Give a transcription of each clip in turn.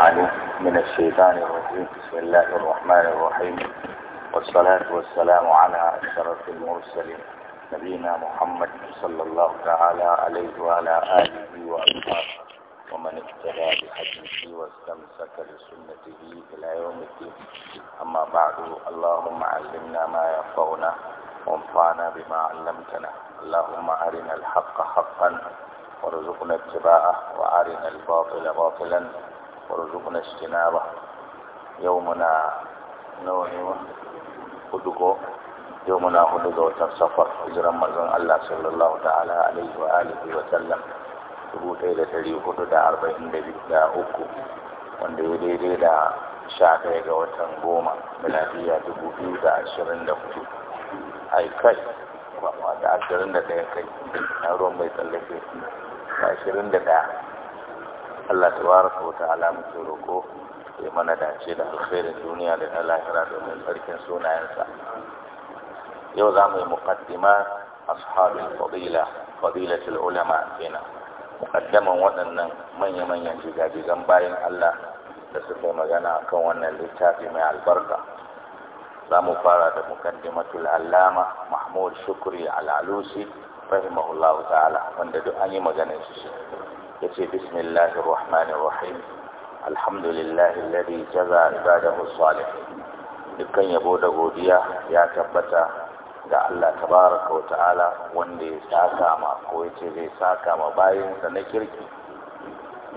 عليه من الشيطان الرجيم بسم الله الرحمن الرحيم والصلاة والسلام على أشرف المرسلين نبينا محمد صلى الله تعالى عليه وعلى آله وأصحابه ومن اهتدى بحديثه واستمسك بسنته إلى يوم الدين أما بعد اللهم علمنا ما ينفعنا وانفعنا بما علمتنا اللهم أرنا الحق حقا وارزقنا اتباعه وأرنا الباطل باطلا warzuqna ijtinaba yau muna nawa ne wa hudu yau muna hudu ga watan safar hijiran manzon Allah sallallahu ta'ala alaihi wa alihi wa sallam dubu ɗaya da ɗari hudu da arba'in da biyu da uku wanda ya daidai da sha ɗaya ga watan goma miladiya dubu biyu da ashirin da hudu ai kai da ashirin da ɗaya kai na ruwan mai tsallake da ashirin da ɗaya Allah tabaraka wa ta'ala muke roko ya mana dace da alkhairin duniya da na lahira domin sarkin sunayensa yau za mu yi muqaddima ashabul fadila fadilatul ulama kenan muqaddaman waɗannan manya-manyan jigajigan bayan Allah da suka yi magana akan wannan littafi mai albarka za mu fara da muqaddimatul allama mahmud shukri al-alusi rahimahullahu ta'ala wanda duk an yi maganar shi يتي بسم الله الرحمن الرحيم الحمد لله الذي جزى عباده الصالحين dukkan yabo da godiya ya tabbata ga Allah tabaraka wa ta'ala wanda ya saka ma ko ce zai saka ma bayansa na kirki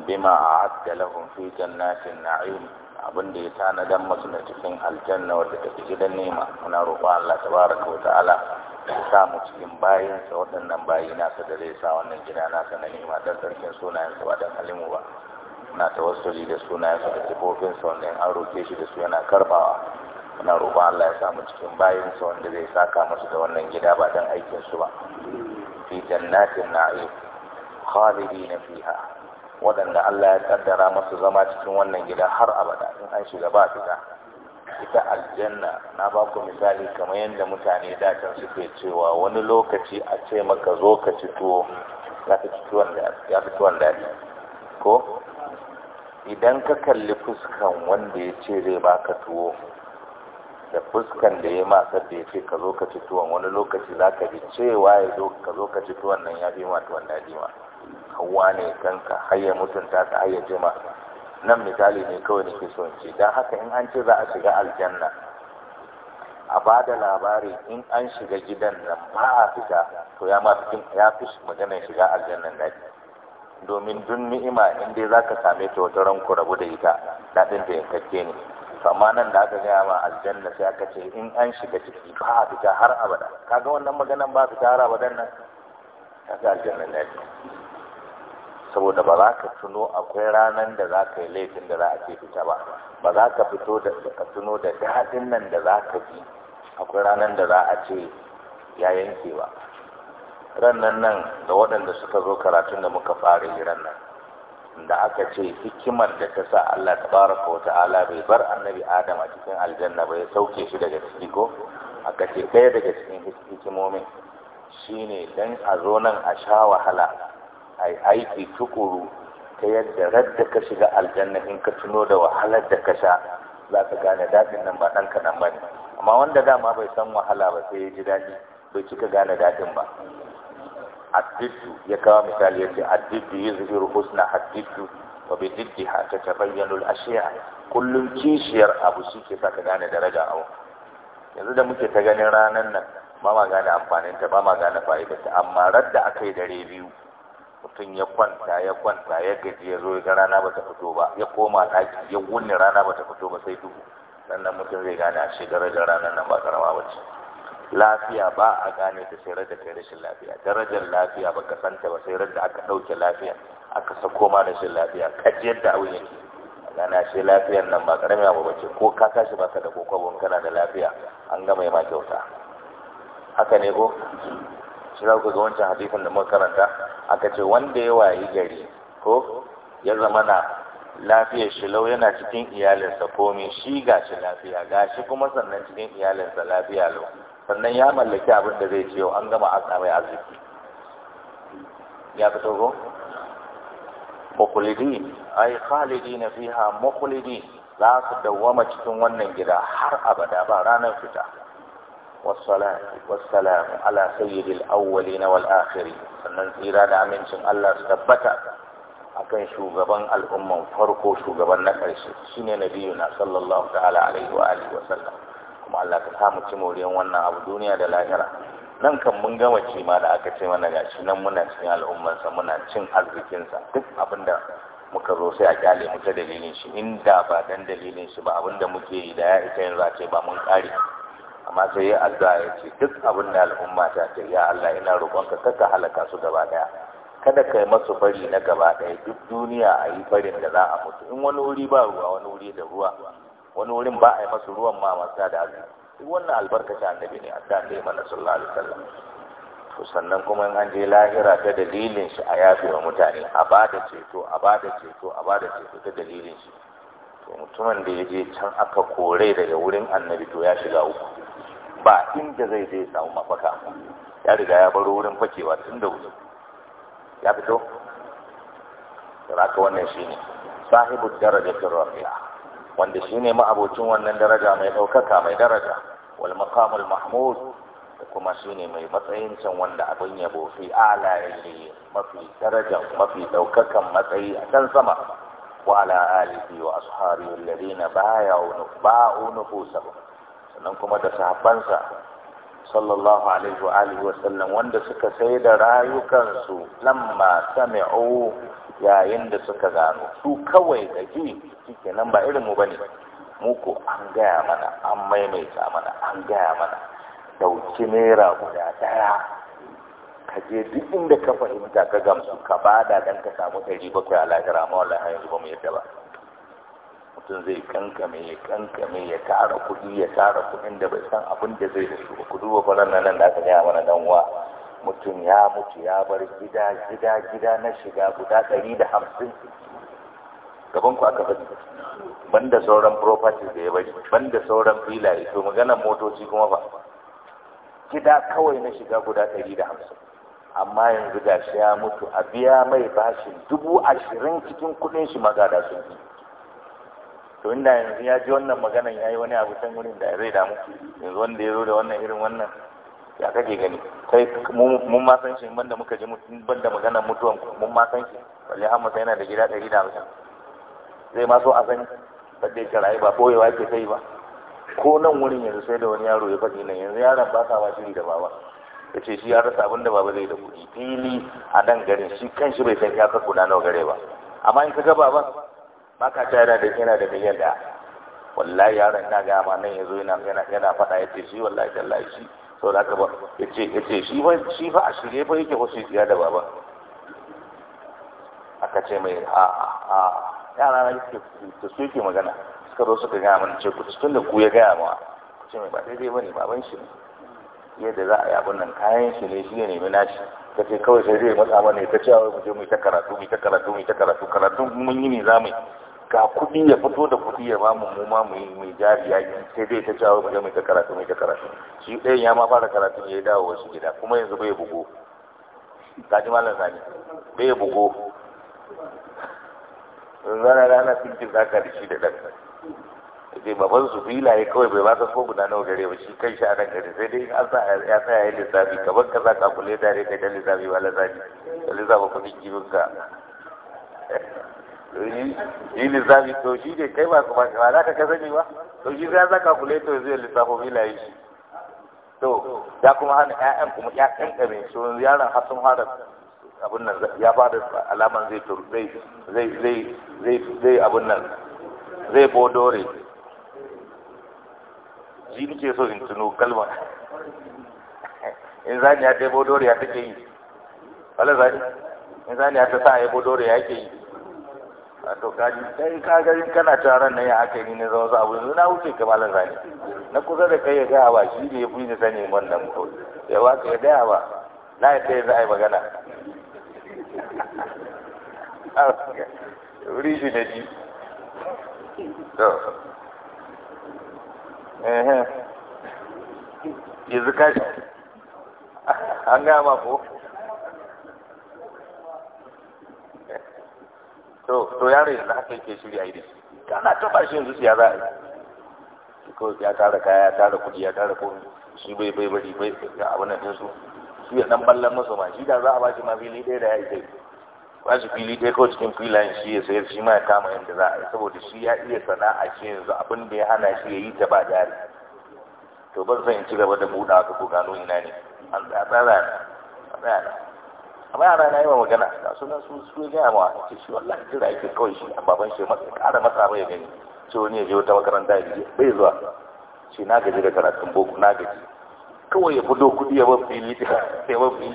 bima a'adda lahum fi jannatin na'im abinda ya tanadan masu na cikin aljanna wadda take gidan nema muna roƙo Allah tabaraka wa ta'ala sa mu cikin bayansa waɗannan bayi nasa da zai sa wannan gida nasa na nema don sarkin sunayensa ba don halimu ba na tawassuli da sunayensa da sifofinsa wanda an roke shi da su yana karbawa muna roƙon Allah ya samu cikin bayansa wanda zai saka musu da wannan gida ba don aikinsu ba fi jannatin na'im na fiha waɗanda Allah ya kaddara masu zama cikin wannan gida har abada in an shiga ba fita ita aljanna na ba ku misali kamar yadda mutane da can suke cewa wani lokaci a ce maka zo ka ci tuwo ya fi tuwon daɗi ko idan ka kalli fuskan wanda ya ce zai baka tuwo da fuskan da ya masa da ya ce ka zo ka ci tuwon wani lokaci za ka ji cewa ya zo ka zo ka ci tuwon nan ya fi ma tuwon daɗi ma hawa ne kanka har ya mutunta ta har ya jima nan misali ne kawai nake so in ce don haka in an ce za a shiga aljanna a ba da labari in an shiga gidan nan ba a fita to ya ya fi maganar shiga aljannan daji domin dun ni'ima in dai za ka same ta wata ranku rabu da ita daɗin ta yankakke ne amma nan da aka gaya ma aljanna sai aka ce in an shiga ciki ba a fita har abada kaga wannan maganan ba a fita har abadan nan ta ga aljannan daji saboda ba za ka tuno akwai ranar da za ka yi laifin da za a ce fita ba ba za ka fito da ka tuno da daɗin nan da za ka ji akwai ranar da za a ce ya yanke ba rannan nan da waɗanda suka zo karatun da muka fara yi rannan da aka ce hikimar da ta sa Allah tabaraka wa ta'ala bai bar annabi Adam a cikin aljanna ba ya sauke shi daga ciki ko aka ce ɗaya daga cikin hikimomin shine dan a zo nan a sha wahala Ai, aiki tukuru ta yadda radda ka shiga aljanna in ka tuno da wahalar da ka sha za ka gane daɗin nan ba ɗan kaɗan ba ne amma wanda dama bai san wahala ba sai ya ji daɗi bai cika gane daɗin ba addidu ya kawo misali ya ce addidu ya zuhiru husna addiddu wa bi ha ta tabayyanul ashiya kullum kishiyar abu shi ke sa ka gane daraja abu yanzu da muke ta ganin ranar nan ba ma gane amfaninta ba ma gane fa'idarta amma radda aka yi dare biyu mutum ya kwanta ya kwanta ya gaji ya zo ya ga rana bata fito ba ya koma ɗaki ya wuni rana bata fito ba sai duhu sannan mutum zai gane a shi darajar ranar nan ba karama ba ce lafiya ba a gane ta sai rage kai rashin lafiya darajar lafiya ba ka santa ba sai rage aka ɗauke lafiya aka sa koma rashin lafiya kaji yadda abin yake a shi lafiyar nan ba karami abu bace ko ka tashi ka da kokobon kana da lafiya an gama ma kyauta haka ne ko shi za ku ga wancan hadisin da muka karanta aka ce wanda ya wayi gari ko ya zama na lafiyar shi lau yana cikin iyalinsa komai shi gashi lafiya gashi kuma sannan cikin iyalinsa lafiya lau sannan ya mallaki abin da zai ciwo, an gama aka mai arziki ya fito ko mukulidi ai na fiha mukulidi za su dawwama cikin wannan gida har abada ba ranar fita والصلاة والسلام على سيد الأولين والآخرين sannan tsira da amincin Allah su tabbata akan shugaban al'umman farko shugaban na ƙarshe shine nabiyuna sallallahu ta'ala alaihi wa alihi wa kuma Allah ka samu ci moriyan wannan abu duniya da lahira nan kan mun gama cima da aka ce mana gashi nan muna cin al'ummansa muna cin arzikinsa duk abinda muka zo sai a kyale mu ta dalilin shi inda ba dan dalilin shi ba abinda muke yi da ya ita yanzu a ce ba mun kare amma sai ya addu'a ya ce duk abin da al'umma ta ce ya Allah ina ka kada halaka su gaba daya kada ka yi masu fari na gaba daya duk duniya a yi farin da za a mutu in wani wuri ba ruwa wani wuri da ruwa wani wurin ba a yi masu ruwan ma masu da azu duk wannan albarkacin annabi ne addu'a da ya mana sallallahu alaihi wasallam to sannan kuma in an je lahira ta dalilin shi a yafe wa mutane a ba da ceto a ba da ceto a ba da ceto ta dalilin shi to mutumin da ya je can aka kore daga wurin annabi to ya shiga uku ba inda zai zai samu mafaka ya riga ya baro wurin fakewa tun da wuri ya fito raka wannan shi ne. sahibu darajatir rafi'a wanda shine ma'abocin wannan daraja mai daukaka mai daraja wal maqamul mahmud da kuma shine mai matsayin can wanda abin yabo fi ala yalle mafi daraja mafi daukakan matsayi a can sama wa ala alihi wa ashabihi alladhina ba'u nufusahum sannan kuma da sahabbansa sallallahu alaihi wa alihi wasallam wanda suka sai da rayukansu lamma sami'u yayin da suka gano su kawai da ji nan ba irin mu bane mu ko an gaya mana an maimaita mana an gaya mana dauki naira guda daya ka je duk inda ka fahimta ka gamsu ka bada dan ka samu dari bakwai a lahira amma wallahi yanzu ba mu yadda ba mutum zai kankame ya kankame ya tara kuɗi ya tara kuɗin da bai san abin da zai da su ba ku duba faran nan da aka gaya mana dan uwa mutum ya mutu ya bar gida gida gida na shiga guda ɗari da hamsin gaban ku aka faɗi banda sauran property da ya bari banda sauran filaye to maganar motoci kuma ba gida kawai na shiga guda ɗari da hamsin amma yanzu shi ya mutu a biya mai bashin dubu ashirin cikin kuɗin shi magada sun fi to inda yanzu ya ji wannan maganan ya yi wani abu can wurin da zai damu yanzu wanda ya zo da wannan irin wannan ya kake gani sai mun ma san shi banda muka ji banda maganar mutuwan mun ma san shi balle sai yana da gida ɗari da hamsin zai ma so a san sadda ya rayu ba ɓoyewa yake sai ba ko nan wurin yanzu sai da wani yaro ya faɗi nan yanzu yaron ba sa ma shiri da baba ya ce shi ya rasa abin da baba zai da kuɗi fili a nan garin shi kan shi bai san ya kakkuna nawa gare ba amma in ka ga baban ba ka ta yana da yana da miliyan da wallahi yaron ina ga ma nan yazo yana yana yana fada yace shi wallahi tallahi shi to da ka ba yace yace shi ba shi ba a shirye ba yake wasu tsiya da baba aka ce mai a a yara na yake to su yake magana suka zo suka gaya mana ce ku cikin da ku ya gaya ma ce mai ba daidai bane baban shi ne yadda za a yi abin nan kayan shi ne shi ne nemi nashi ka ce kawai sai zai matsa mana ita ce wai mu je mu ta karatu mu ta karatu mu ta karatu karatu mun yi ne za mu ga kuɗi ya fito da kuɗi ya bamu mu ma mu mu jari ya yi sai dai ta ce wai mu je mu ta karatu mu ta karatu shi ɗayan ya ma fara karatu ya dawo wasu gida kuma yanzu bai bugo ka ji malam sani bai bugo zana rana sun ji zaka da shi da ɗan ce baban su filaye kawai bai baka ko guda nawa gare ba shi kai shi a nan gari sai dai an sa ya tsaya ya lissafi kamar ka za ka kule dare kai da lissafi ba lissafi da lissafa kuɗin kifin ka eh, yi lissafi to shi ne kai ba kuma ba za ka kasa ne ba to shi sai za ka kule to zai lissafo filaye shi to ya kuma hana ƴaƴan kuma ƴaƴan ƙarin shi yaron hasan sun abun nan ya fara alaman zai zai zai zai abun nan zai bodore shi ke so in tuno kalma. in zani ya ta yabo dore ya take yi wala zani in zani ya ta sa yabo dore ya ke yi a to kaji kai ka garin kana taron nan ya aka yi ne zama abu yanzu na wuce ka malar zani na kusa da kai ya gaya ba shi ne ya fi ni wannan ko ya ba ka ya gaya ba na ya ta za a yi magana wuri shi da ji to yanzu kashi an gama ko to to yaro yanzu haka yake shiri a yi kana taba shi yanzu siya za a yi Ko ya tara kaya ya tara kudi, ya tara ko shi bai bai bari bai ga abin nan su su ya dan ballan masa ma shi da za a ba shi ma fili ɗaya da ya yi ba shi fili ɗaya kawai cikin filayen shi ya sayar shi ma ya kama yadda za a yi saboda shi ya iya sana'a shi yanzu abin da ya hana shi ya yi ta ba jari to ban san in ci gaba da buɗa haka ko gano ina ne an tsara ne a tsaya ne amma yara na yi wa magana da sunan su su ya gaya mawa ce shi wallahi jira ake kawai shi amma baban shi ƙara ba ya gani ce wani ya je wata makaranta ya je bai zuwa ce na gaji da karatun boko na gaji kawai ya fito kuɗi ya bar fili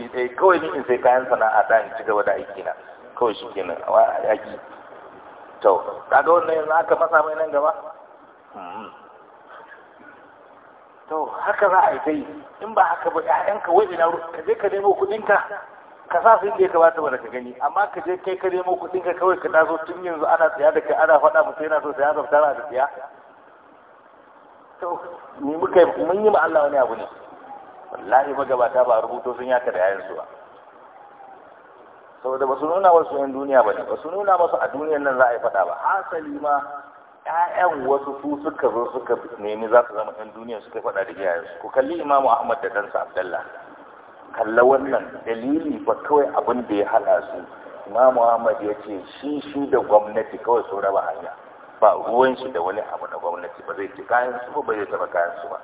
ɗaya kawai ni in sai kayan sana'a da in ci gaba da aiki na kawai shi nan a yaki to kaga wannan yanzu aka fasa mai nan gaba hmm. to haka za a yi ta yi in ba haka ba ƴaƴanka wai ina ka je ka nemo kuɗinka ka sa su inda ya kamata ba da ka gani amma ka je kai ka nemo kuɗinka kawai ka taso tun yanzu ana siya da kai ana faɗa sai yana so tsaya zafta na da tsaya to ni muka mun yi ma Allah wani abu ne wallahi magabata ba rubuto sun yaka da yayin su ba saboda ba su nuna wasu yan duniya ba ne ba su nuna masu a duniyan nan za a yi faɗa ba hasali ma ƴaƴan wasu su suka zo suka nemi za su zama yan duniya suka faɗa da su ku kalli imamu ahmad da ɗansa abdallah kalla wannan dalili ba kawai abin da ya haɗa su imamu ahmad ya ce shi shi da gwamnati kawai sun raba hanya ba ruwan shi da wani abu na gwamnati ba zai ci kayan su ba zai taɓa kayan su ba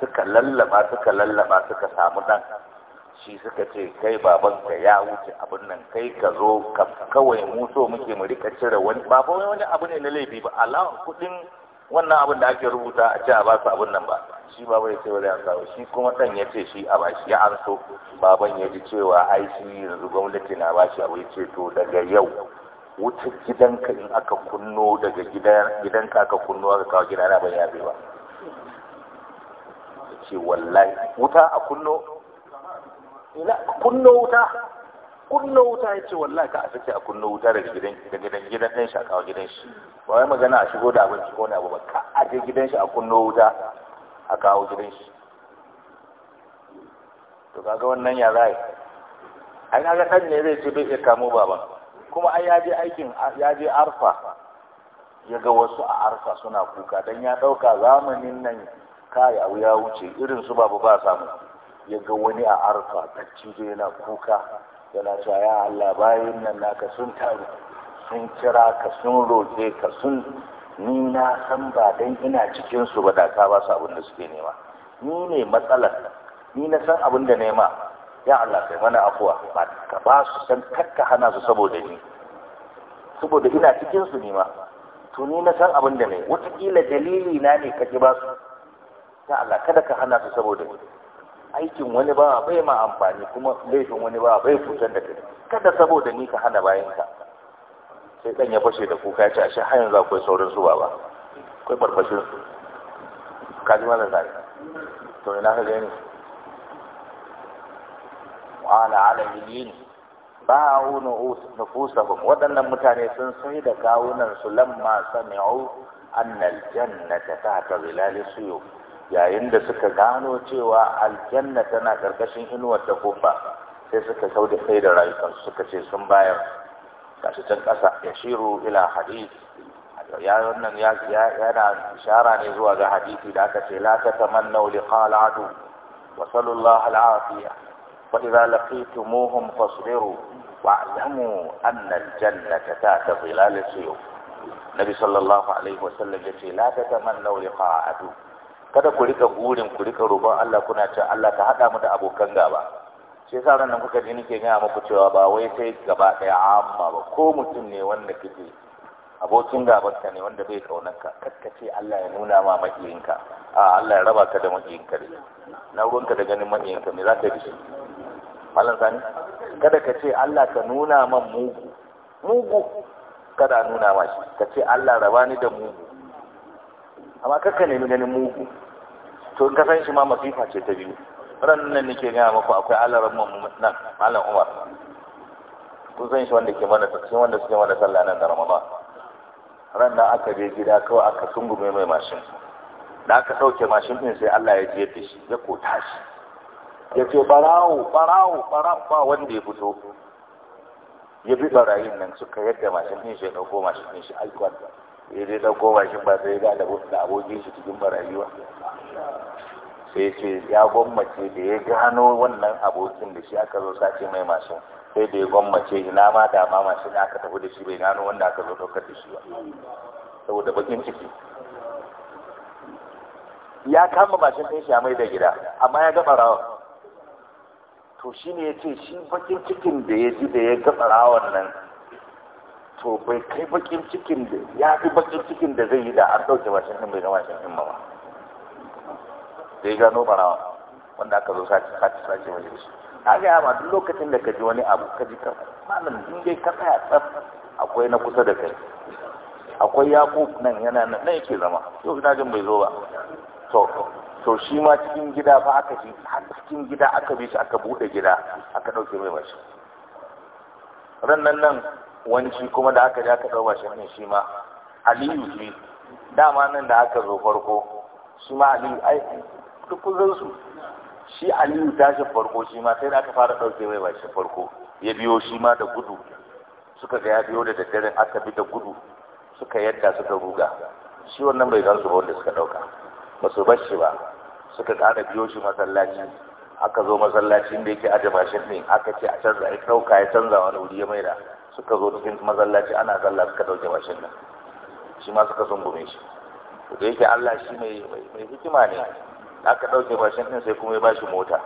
suka lallaba suka lallaba suka samu ɗan shi suka ce kai babanka ya wuce abin nan kai ka zo kawai mu so muke mu rika cire wani ba wani abu ne na laifi ba alawan kudin wannan abin da ake rubuta a ce a ba su abin nan ba shi baba ya ce wani an samu shi kuma dan ya ce shi a bashi ya anso. baban ya ji cewa ai shi yanzu gwamnati na bashi abu ya ce to daga yau gidan gidanka in aka kunno daga gidanka aka kunno aka kawo gidana ban yabe ba ce wallahi wuta a kunno Kunna kunno wuta kunno wuta ya ce wallahi ka a sake a kunno wuta daga gidan gidan gidan ɗan shakawa gidan shi ba wai magana a shigo da abinci ko ne abu ba ka a je gidan shi a kunno wuta a kawo gidan shi to kaga wannan ya zai ai kaga ɗan ne zai ce bai iya kamo baban kuma ai ya je aikin ya je arfa ya ga wasu a arfa suna kuka dan ya ɗauka zamanin nan kai abu ya wuce irin su babu ba samu ya ga wani a arfa cikin yana kuka yana cewa ya Allah bayan nan naka sun taru sun kira ka sun roƙe ka sun ni na san ba dan ina cikin su ba da ka ba su abin da suke nema ni ne matsalar ni na san abin da nema ya Allah kai mana afuwa ba ka ba su san kakka hana su saboda ni saboda ina cikin su ne ma to ni na san abin da ne wataƙila dalili na ne ka ki ba su ya Allah kada ka hana su saboda ni aikin wani ba bai ma amfani kuma laifin wani ba bai cutar da kai kada saboda ni ka hana bayanka sai dan ya fashe da kuka ya ce ashe har yanzu akwai saurin zuwa ba akwai barbashin su ka ji malam zai to ina ka gani wa ala alamin ba'u nufusahum waɗannan mutane sun sai da kawunan su lamma sami'u annal jannata ta zilali suyuf yayin da suka gano cewa aljanna tana karkashin inuwar ta kofa sai suka kau kai da rayukan suka ce sun bayar kashi can ƙasa ya shiru ila hadith ya wannan ya yana ishara ne zuwa ga hadisi da aka ce la ta tatamannu li qalatu wa sallallahu al'afiya wa idza laqitumuhum fasbiru wa alamu anna aljannata jannata tahta dhilal as nabi sallallahu alaihi wasallam ya ce la ta tatamannu li qalatu kada ku rika burin ku rika roƙon Allah kuna cewa Allah ka haɗa mu da abokan gaba shi yasa ran nan kuka ji nake gaya muku cewa ba wai sai gaba ɗaya amma ba ko mutum ne wanda kike abokin gabanka ne wanda bai kaunarka kakkace Allah ya nuna ma makiyinka a Allah ya raba ka da makiyinka ne na ruwanka da ganin makiyinka me za ka yi malam sani kada ka ce Allah ka nuna man mugu mugu kada nuna ma shi ka ce Allah raba ni da mugu amma kakka nemi ganin mugu to ka san shi ma masifa ce ta biyu ran nan nake gaya maku akwai alaran mu nan malam umar kun san shi wanda ke mana shi wanda suke mana sallah nan da ramadan ran nan aka je gida kawai aka sungume mai mashin da aka sauke mashin ɗin sai Allah ya je da shi ya kota shi ya ce barawo barawo barawo wanda ya fito ya bi barayin nan suka yadda mashin din shi ya dauko mashin din shi aikwan ya dai ɗauko bakin ba sai ga da da abokin shi cikin marayuwa sai ce ya gwammace da ya gano wannan abokin da shi aka zo sace mai mashin sai da ya gwammace ina ma da ma mashin aka tafi da shi bai gano wanda aka zo ɗaukar da shi ba saboda bakin ciki ya kama mashin ɗin shi mai da gida amma ya gaba rawa to shine ya ce shi bakin cikin da ya ji da ya gaba rawan nan to bai kai bakin cikin da ya fi bakin cikin da zai yi da an dauke bashin hin bai gama shin hin ba da ya gano barawa wanda aka zo sace sace sace wajen shi a ga ma duk lokacin da ka ji wani abu ka ji ka malam in dai ka tsaya tsaf akwai na kusa da kai akwai yakub nan yana nan yake zama yau ina jin bai zo ba to to shi ma cikin gida ba aka shi cikin gida aka bi shi aka bude gida aka dauke mai bashi ran nan nan wani kuma da aka ja ka ɗau bashin ne shi ma aliyu ne, dama nan da aka zo farko shi ma aliyu ai duk kuzan su shi aliyu tashin farko shi ma sai da aka fara ɗauke mai bashin farko ya biyo shi ma da gudu suka ga ya biyo da daddaren aka bi da gudu suka yadda suka ruga shi wannan bai gansu ba wanda suka ɗauka ba su bar shi ba suka ƙara biyo shi masallaci aka zo masallacin da yake aje bashin ne. aka ce a canza ya ɗauka ya canza wani wuri ya maida suka zo cikin masallaci ana sallah suka dauke mashin nan shi ma suka sungume shi to da yake Allah shi mai mai hikima ne aka dauke mashin din sai kuma ya bashi mota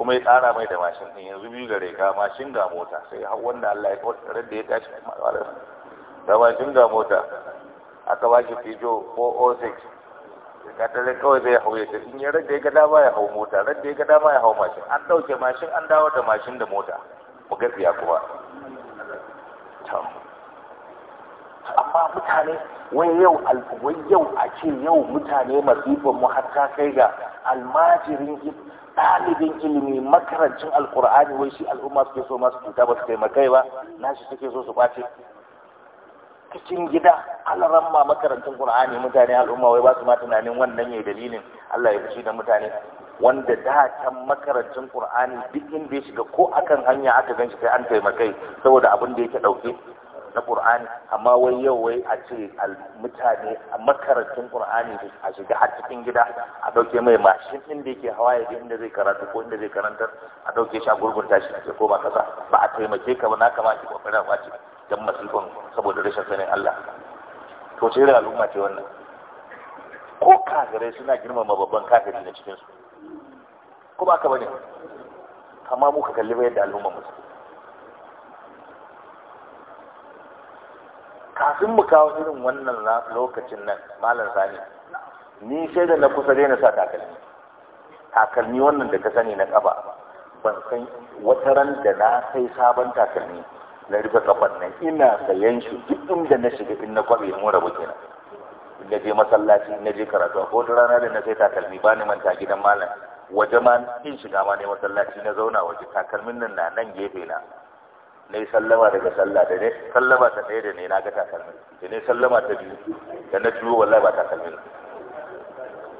kuma ya tsara mai da mashin din yanzu biyu gare ka mashin ga mota sai wanda Allah ya kawarar da ya tashi da mashin ga mota aka bashi fijo 406 katare kawai zai hau ta in ya rage ga dama ya hau mota rage gada ba ya hau mashin an dauke mashin an dawo da mashin da mota mu gafiya kuma amma mutane wai yau wai yau a ce yau mutane masifin mu har kai ga almajirin ɗalibin ilimi makarancin alkur'ani wai shi al'umma suke so masu cuta ba su taimakai ba na shi suke so su ɓace cikin gida alaran ma makarantun qur'ani mutane al'umma wai ba su ma tunanin wannan yi dalilin Allah ya fushi da mutane wanda da can makarancin qur'ani duk inda ya shiga ko akan hanya aka shi sai an taimakai saboda abin da yake dauke na qur'ani amma wai yau wai a ce mutane a makarancin qur'ani a shiga har cikin gida a dauke mai mashin inda yake hawa ya inda zai karatu ko inda zai karantar a dauke shi a gurgunta shi a kasa ba a taimake ka ba na kamata ki kokarin kwaci dan masifin saboda rashin sanin Allah to ce al'umma ce wannan ko kafirai suna girmama babban kafiri na cikinsu ko ba ka bane amma mu ka kalli ba da al'umma mu kafin mu kawo irin wannan lokacin nan malam sani ni sai da na kusa daina sa takalmi takalmi wannan da ka sani na kaba ban san wata ran da na sai sabon takalmi na rufe kafan nan ina sayan shi duk inda na shiga in na kwabe mu rabu kenan na je masallaci na je karatu ko rana da na sai takalmi ba ni manta gidan malam waje ma in shiga ma ne masallaci na zauna waje takalmin nan na nan gefe na na yi sallama daga sallah da ne sallama ta ɗaya da ne na ga takalmin da ne sallama ta biyu da na biyu wallahi ba takalmin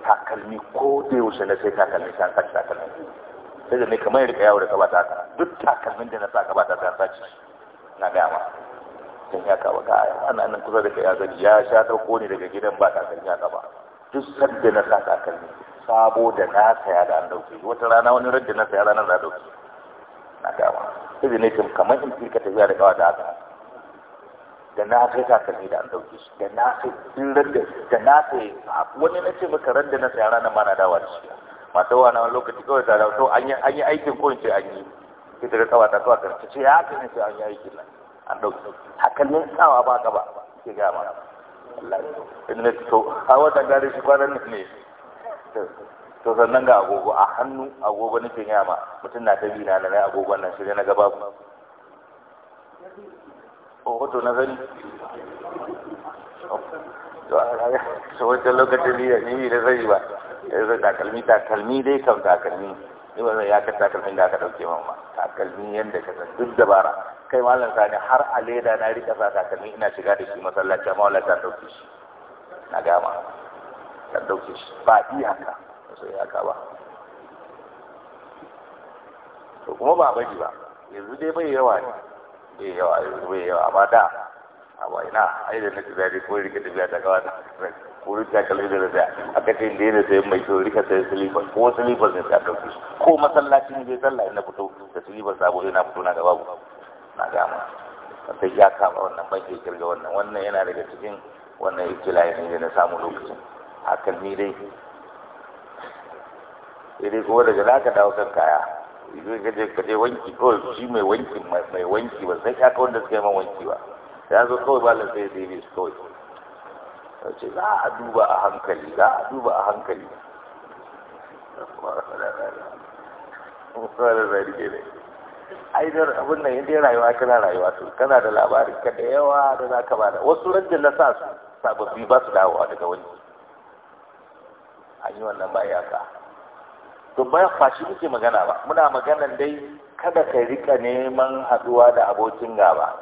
takalmi ko da yaushe na sai takalmi sai an sace takalmin sai da ne kamar yadda yawo da ba ta duk takalmin da na sa ka ba ta sace na gaya ma sun ya kawo ka ana nan kusa da ka ya ya sha ko ne daga gidan ba takalmi ya ba duk sadda na sa takalmi sabo da na saya da an dauke wata rana wani rajin na saya ranar da dauke na dama izinin kamar in firka tafiya da kawa da haka da na sai takalmi da an dauke shi da na sai sun rajin da na sai wani na ce maka ran da na saya ranar ma na dawa da shi masu wa na lokaci kawai ta dawo an yi an yi aikin ko ce an yi sai ta kawa ta kawa ta ce ya haka ne sai an yi aikin nan an dauke takalmin sawa ba ka ba ke gama Allah in na so, a wata gari shi kwanan ne to sannan ga agogo a hannu agogo nufin gaya mutum na ta bi na na agogon nan shirya na gaba ku o hoto na sani to wajen lokacin liya ne yi da zai ba ya eh, zai takalmi takalmi dai kan takalmi ni ba ya ka takalmi da aka dauke mamma takalmi yadda ka san duk dabara kai malam sani har a leda na rika sa takalmi ina shiga da shi masallaci amma wala ta dauke shi na gama ka dauke shi ba haka ba sai iyaka ba to kuma ba bari ba yanzu dai bai yawa ne bai yawa yanzu bai yawa amma da amma ina ai da nake zari ko rike tafiya ta kawa ta ko rike kalli da da a kace da yana sai mai to rike sai silifa ko silifa sai ka ɗauke shi ko masallaci ne zai sallah ina fito da silifa sabo ina fito na gaba na gama sai ya kama wannan bai kirga wannan wannan yana daga cikin wannan ibtila'i ne na samu lokacin a kalmi dai sai kuma daga za ka dawo kan kaya idan ka je ka je wanki kawai shi mai wanki mai wanki ba sai ka wanda suka yi man wanki ba ya zo kawai ba lafiya sai bi su kawai ta ce za a duba a hankali za a duba a hankali ai da abin nan yadda rayuwa kana rayuwa to kana da labarin ka da yawa da za ka bada wasu rajin na sa su sababbi ba su dawowa daga wanki an yi wannan ba ya sa. to ba fashi muke magana ba muna magana dai kada ka rika neman haɗuwa da abokin gaba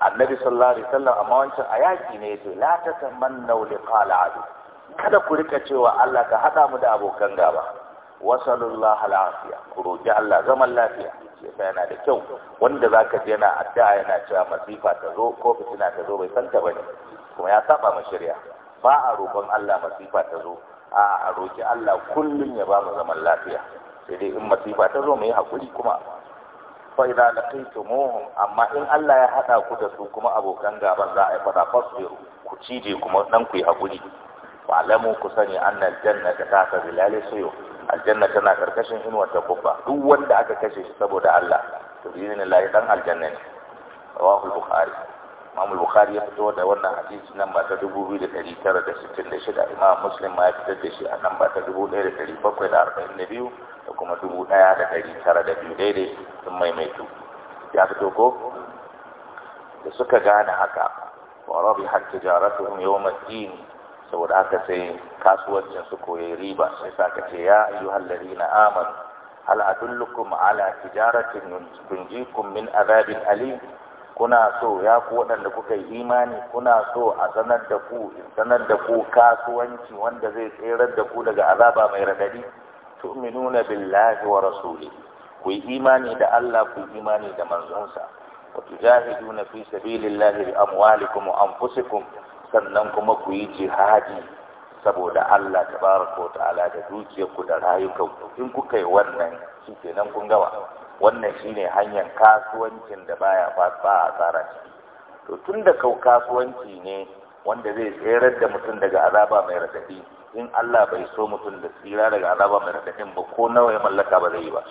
annabi sallallahu alaihi wasallam amma wancan a yaki ne yace la tatamanna qala adu kada ku rika cewa Allah ka hada mu da abokan gaba wasallallahu al'afiya ku roki Allah zaman lafiya sai yana da kyau wanda zaka je yana addu'a yana cewa masifa ta ko fitina ta zo bai santa bane kuma ya saba mu shari'a ba a roƙon Allah masifa ta zo a a roƙi Allah kullum ya ba mu zaman lafiya sai dai in masifa ta zo mu yi haƙuri kuma fa idza laqaytumuhum amma in Allah ya hada ku da su kuma abokan gaban za a yi fada fasiru ku cije kuma dan ku yi haƙuri fa lamu ku sani annal jannata ta bilal suyu aljanna tana karkashin inuwar ta kubba duk wanda aka kashe shi saboda Allah to bi dan aljanna ne rawahu bukhari Imam Bukhari ya fito da wannan hadisi nan ba ta 2966 Imam Muslim ma ya fitar da shi a nan ba ta 1742 da kuma 1902 daidai sun maimaitu ya fito ko da suka gane haka wa rabi har tijaratuhum yawm ad-din saboda aka sai kasuwancin su koyi riba sai sa saka ce ya ayyuhal ladina amanu hal adullukum ala tijaratin tunjikum min adhabin alim kuna so ya ku waɗanda kuka yi imani kuna so a sanar da ku sanar da ku kasuwanci wanda zai tserar da ku daga azaba mai radadi tu'minuna billahi wa rasuli ku yi imani da Allah ku yi imani da manzonsa wa tujahiduna fi sabilillahi bi amwalikum wa anfusikum sannan kuma ku yi jihadi saboda Allah tabaraka wa ta'ala da dukiyarku da rayukanku in kuka yi wannan shikenan kun gawa. wannan shine hanyar kasuwancin da baya fasa tsara ciki to tun da kasuwanci ne wanda zai tserar da mutum daga azaba mai radadi in Allah bai so mutum da tsira daga azaba mai radadin ba ko nawa ya mallaka ba zai yi ba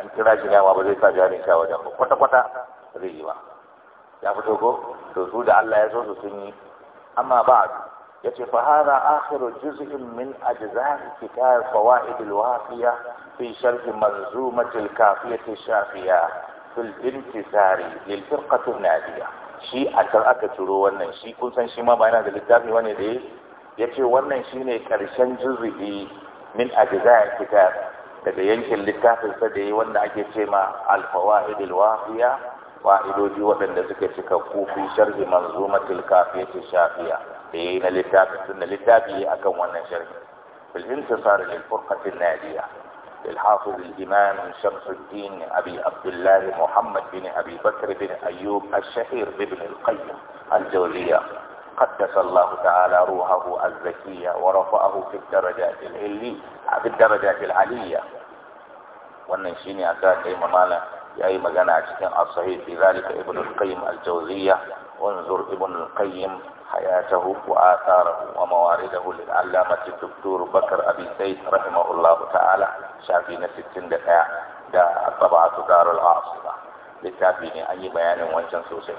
an kira shi yawa ba zai sa jarin sha wajen ba kwata kwata zai yi ba ya fito ko to su da Allah ya so su sun yi amma ba يتي فهذا آخر جزء من أجزاء كتاب فوائد الواقية في شرح مرزومة الكافية الشافية في الانتسار للفرقة النادية شيء أتراك ترو شيء كنت شيء ما بين هذا الكتاب وانا دي يتي وانا شيء نكرشان جزء من أجزاء الكتاب kada yankin littafin sa da yi wanda ake ce ma alfawa'id alwafiya wa'idoji waɗanda suka cika kufi ايه لتاب السنة لتابه اكم وانا شرك في الانتصار للفرقة النادية للحافظ الامام شمس الدين ابي عبد الله محمد بن ابي بكر بن ايوب الشهير بابن القيم الجوزية قدس الله تعالى روحه الزكية ورفعه في الدرجات العلية في الدرجات العلية وننشيني أتاك أي يا أي مجانا أشكين الصحيح في ذلك ابن القيم الجوزية وانظر ابن القيم حياته وآثاره وموارده للعلامة الدكتور بكر أبي زيد رحمه الله تعالى شافينا ستين دقاء دا طبعة دار العاصمة littafi an yi bayanin wancan sosai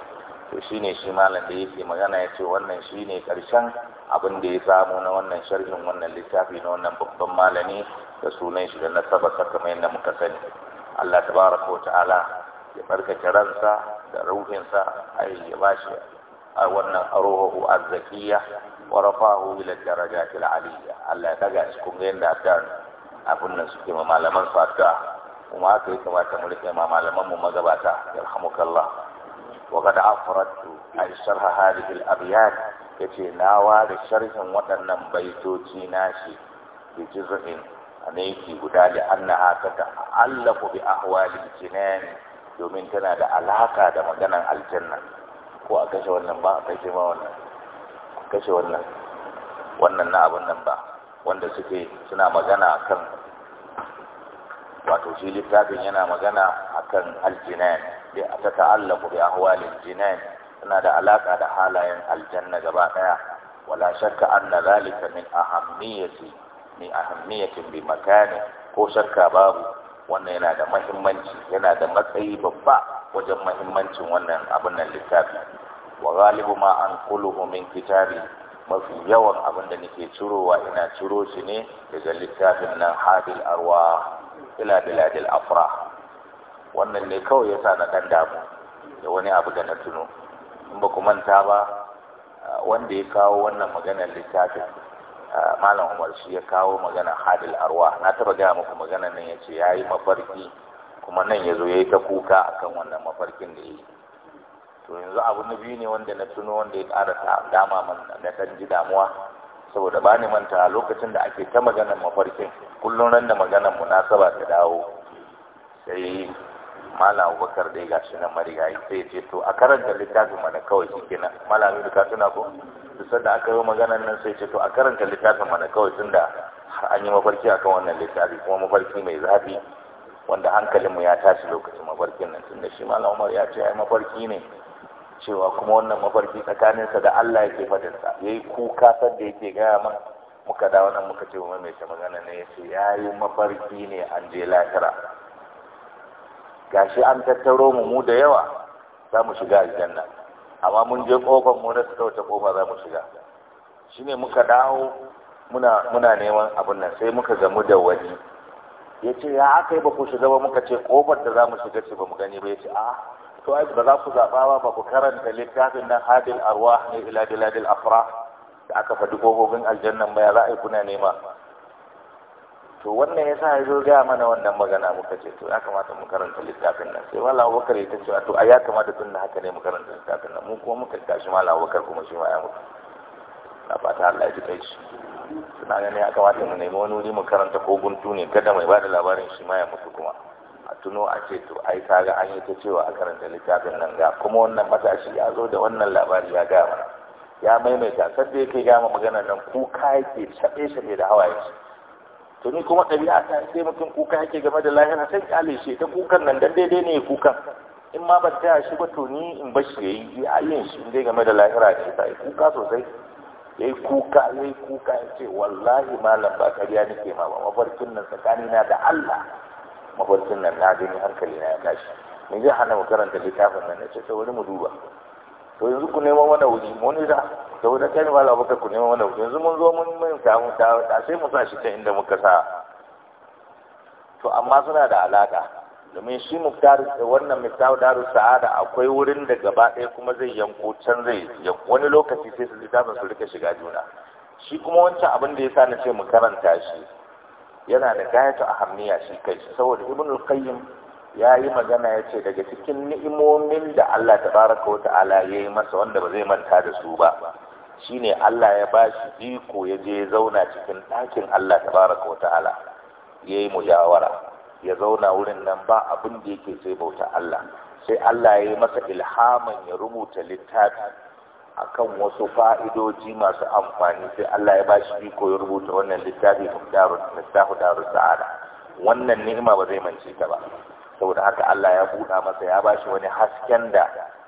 to shine shi malam da yake magana ya ce wannan shine karshen abin da ya samu na wannan sharhin wannan littafi na wannan babban malami da sunan shi da nasaba saka mai na muka sani Allah tabaraka wa ta'ala ya farkace ransa da ruhinsa yi ya bashi a wannan a zakiya. wa rafahu ila darajati aliyya Allah ya daga shi kun ga yanda aka abun nan suke ma malaman kuma aka kuma haka ya kamata ta rike ma malaman mu magabata yarhamukallah wa qad afradtu ay sharha hadhihi al-abyat yace na ware sharhin waɗannan baitoci shi bi juz'in a ne guda da annaha ta ta'allaku bi ahwali jinani domin tana da alaka da maganan aljanna ko a kashe wannan ba a kashe ma wannan kashe wannan wannan na abin nan ba wanda suke suna magana kan wato shi littafin yana magana akan aljinan da ta ta'allaku bi ahwalil jinan Tana da alaka da halayen aljanna gaba daya wala shakka anna zalika min ahammiyati min ahammiyatin bi makani ko shakka babu wannan yana da mahimmanci yana da matsayi babba wajen mahimmancin wannan abin nan littafi wa ghalibu ma an kuluhu min kitabi mafi yawan abin da nake cirowa ina ciro shi ne daga littafin nan hadil arwa ila biladil afra wannan ne kawai yasa na dan damu da wani abu da na tuno in ba ku manta ba wanda ya kawo wannan maganar littafin malam umar shi ya kawo magana hadil arwa na taba gaya muku magana nan ya ce ya yi mafarki kuma nan ya zo ya yi ta kuka akan wannan mafarkin da ya yi to yanzu abu na biyu ne wanda na tuno wanda ya ƙara ta dama na kan ji damuwa saboda ba ni manta lokacin da ake ta maganar mafarkin kullum ran da maganar munasaba ta dawo sai mala abubakar dai shi na marigayi sai ce to a karanta littafin mana kawai kenan mala aminu ka tuna ko su sanda aka yi maganar nan sai ce to a karanta littafin mana kawai tun da an yi mafarki akan wannan littafi kuma mafarki mai zafi wanda hankalinmu ya tashi lokacin mafarkin nan tun da shi mala umar ya ce ai mafarki ne cewa kuma wannan mafarki tsakaninsa da Allah yake sa yayi kuka sanda yake gaya ma. muka dawo nan muka ce mai mai magana ne yace yayi mafarki ne an je lahira gashi an tattaro mu mu da yawa za mu shiga aljanna amma mun je kofar mu na suka wuce kofa za mu shiga shine muka dawo muna muna neman abin nan sai muka gamu da wani ya ce ya aka yi ba ku shiga ba muka ce kofar da za mu shiga ce ba mu gani ba ya ce a ah, to ai ba za ku zaɓa ba ba ku karanta littafin nan hadil arwah ne ila biladil afra da aka faɗi kofofin aljannan ba ya za a yi kuna nema to wannan yasa ya zo gaya mana wannan magana muka ce to ya kamata mu karanta littafin nan sai wala wakar ya ce to a ya kamata tun da haka ne mu karanta littafin nan mu kuma muka tashi mala wakar kuma shi ma ya mutu na fata Allah ya ji kai shi suna ganin ya kamata mu nemi wani wuri mu karanta ko guntu ne kada mai bada labarin shi ma ya mutu kuma a tuno a ce to ai kaga an yi ta cewa a karanta littafin nan ga kuma wannan matashi ya zo da wannan labari ya gaya mana ya maimaita sadda yake gama magana nan kuka yake shafe-shafe da hawaye shi to ni kuma ɗabi'a ta sai mutum kuka yake game da lahira sai kyale shi ta kukan nan dan daidai ne kuka in ma ban taya shi ba to ni in bar shi yayi a yin shi dai game da lahira ce ta yi kuka sosai ya yi kuka ya yi kuka ya ce wallahi malam ba kariya nake ma ba mafarkin nan tsakani na da Allah mafarkin nan na gani hankali na ya tashi ni zai hana mu karanta littafin nan na ce sai wani mu duba to yanzu ku neman wani wuri mu ne za sau da kai mala baka ku neman wanda yanzu mun zo mun mun samu ta sai mu sa shi ta inda muka sa to amma suna da alaka domin shi muftar wannan muftar daru sa'ada akwai wurin da gaba ɗaya kuma zai yanko can zai wani lokaci sai su littafin su rika shiga juna shi kuma wancan abin da ya sa na ce mu karanta shi yana da gayatu ahammiya shi kai saboda ibnul qayyim ya yi magana ya ce daga cikin ni'imomin da Allah ta baraka wa ta'ala ya yi masa wanda ba zai manta da su ba shine Allah ya ba shi iko ya je zauna cikin ɗakin Allah ta Wata wa ta'ala yi mujawara ya zauna wurin nan ba abin da yake sai bauta Allah sai Allah ya yi masa ilhaman ya rubuta littafi kan wasu fa'idoji masu amfani sai Allah ya ba shi iko ya rubuta wannan littafi Miftahu Darus Sa'ada wannan ni'ima ba zai mance ta ba saboda haka Allah ya buɗa masa ya ba shi wani hasken da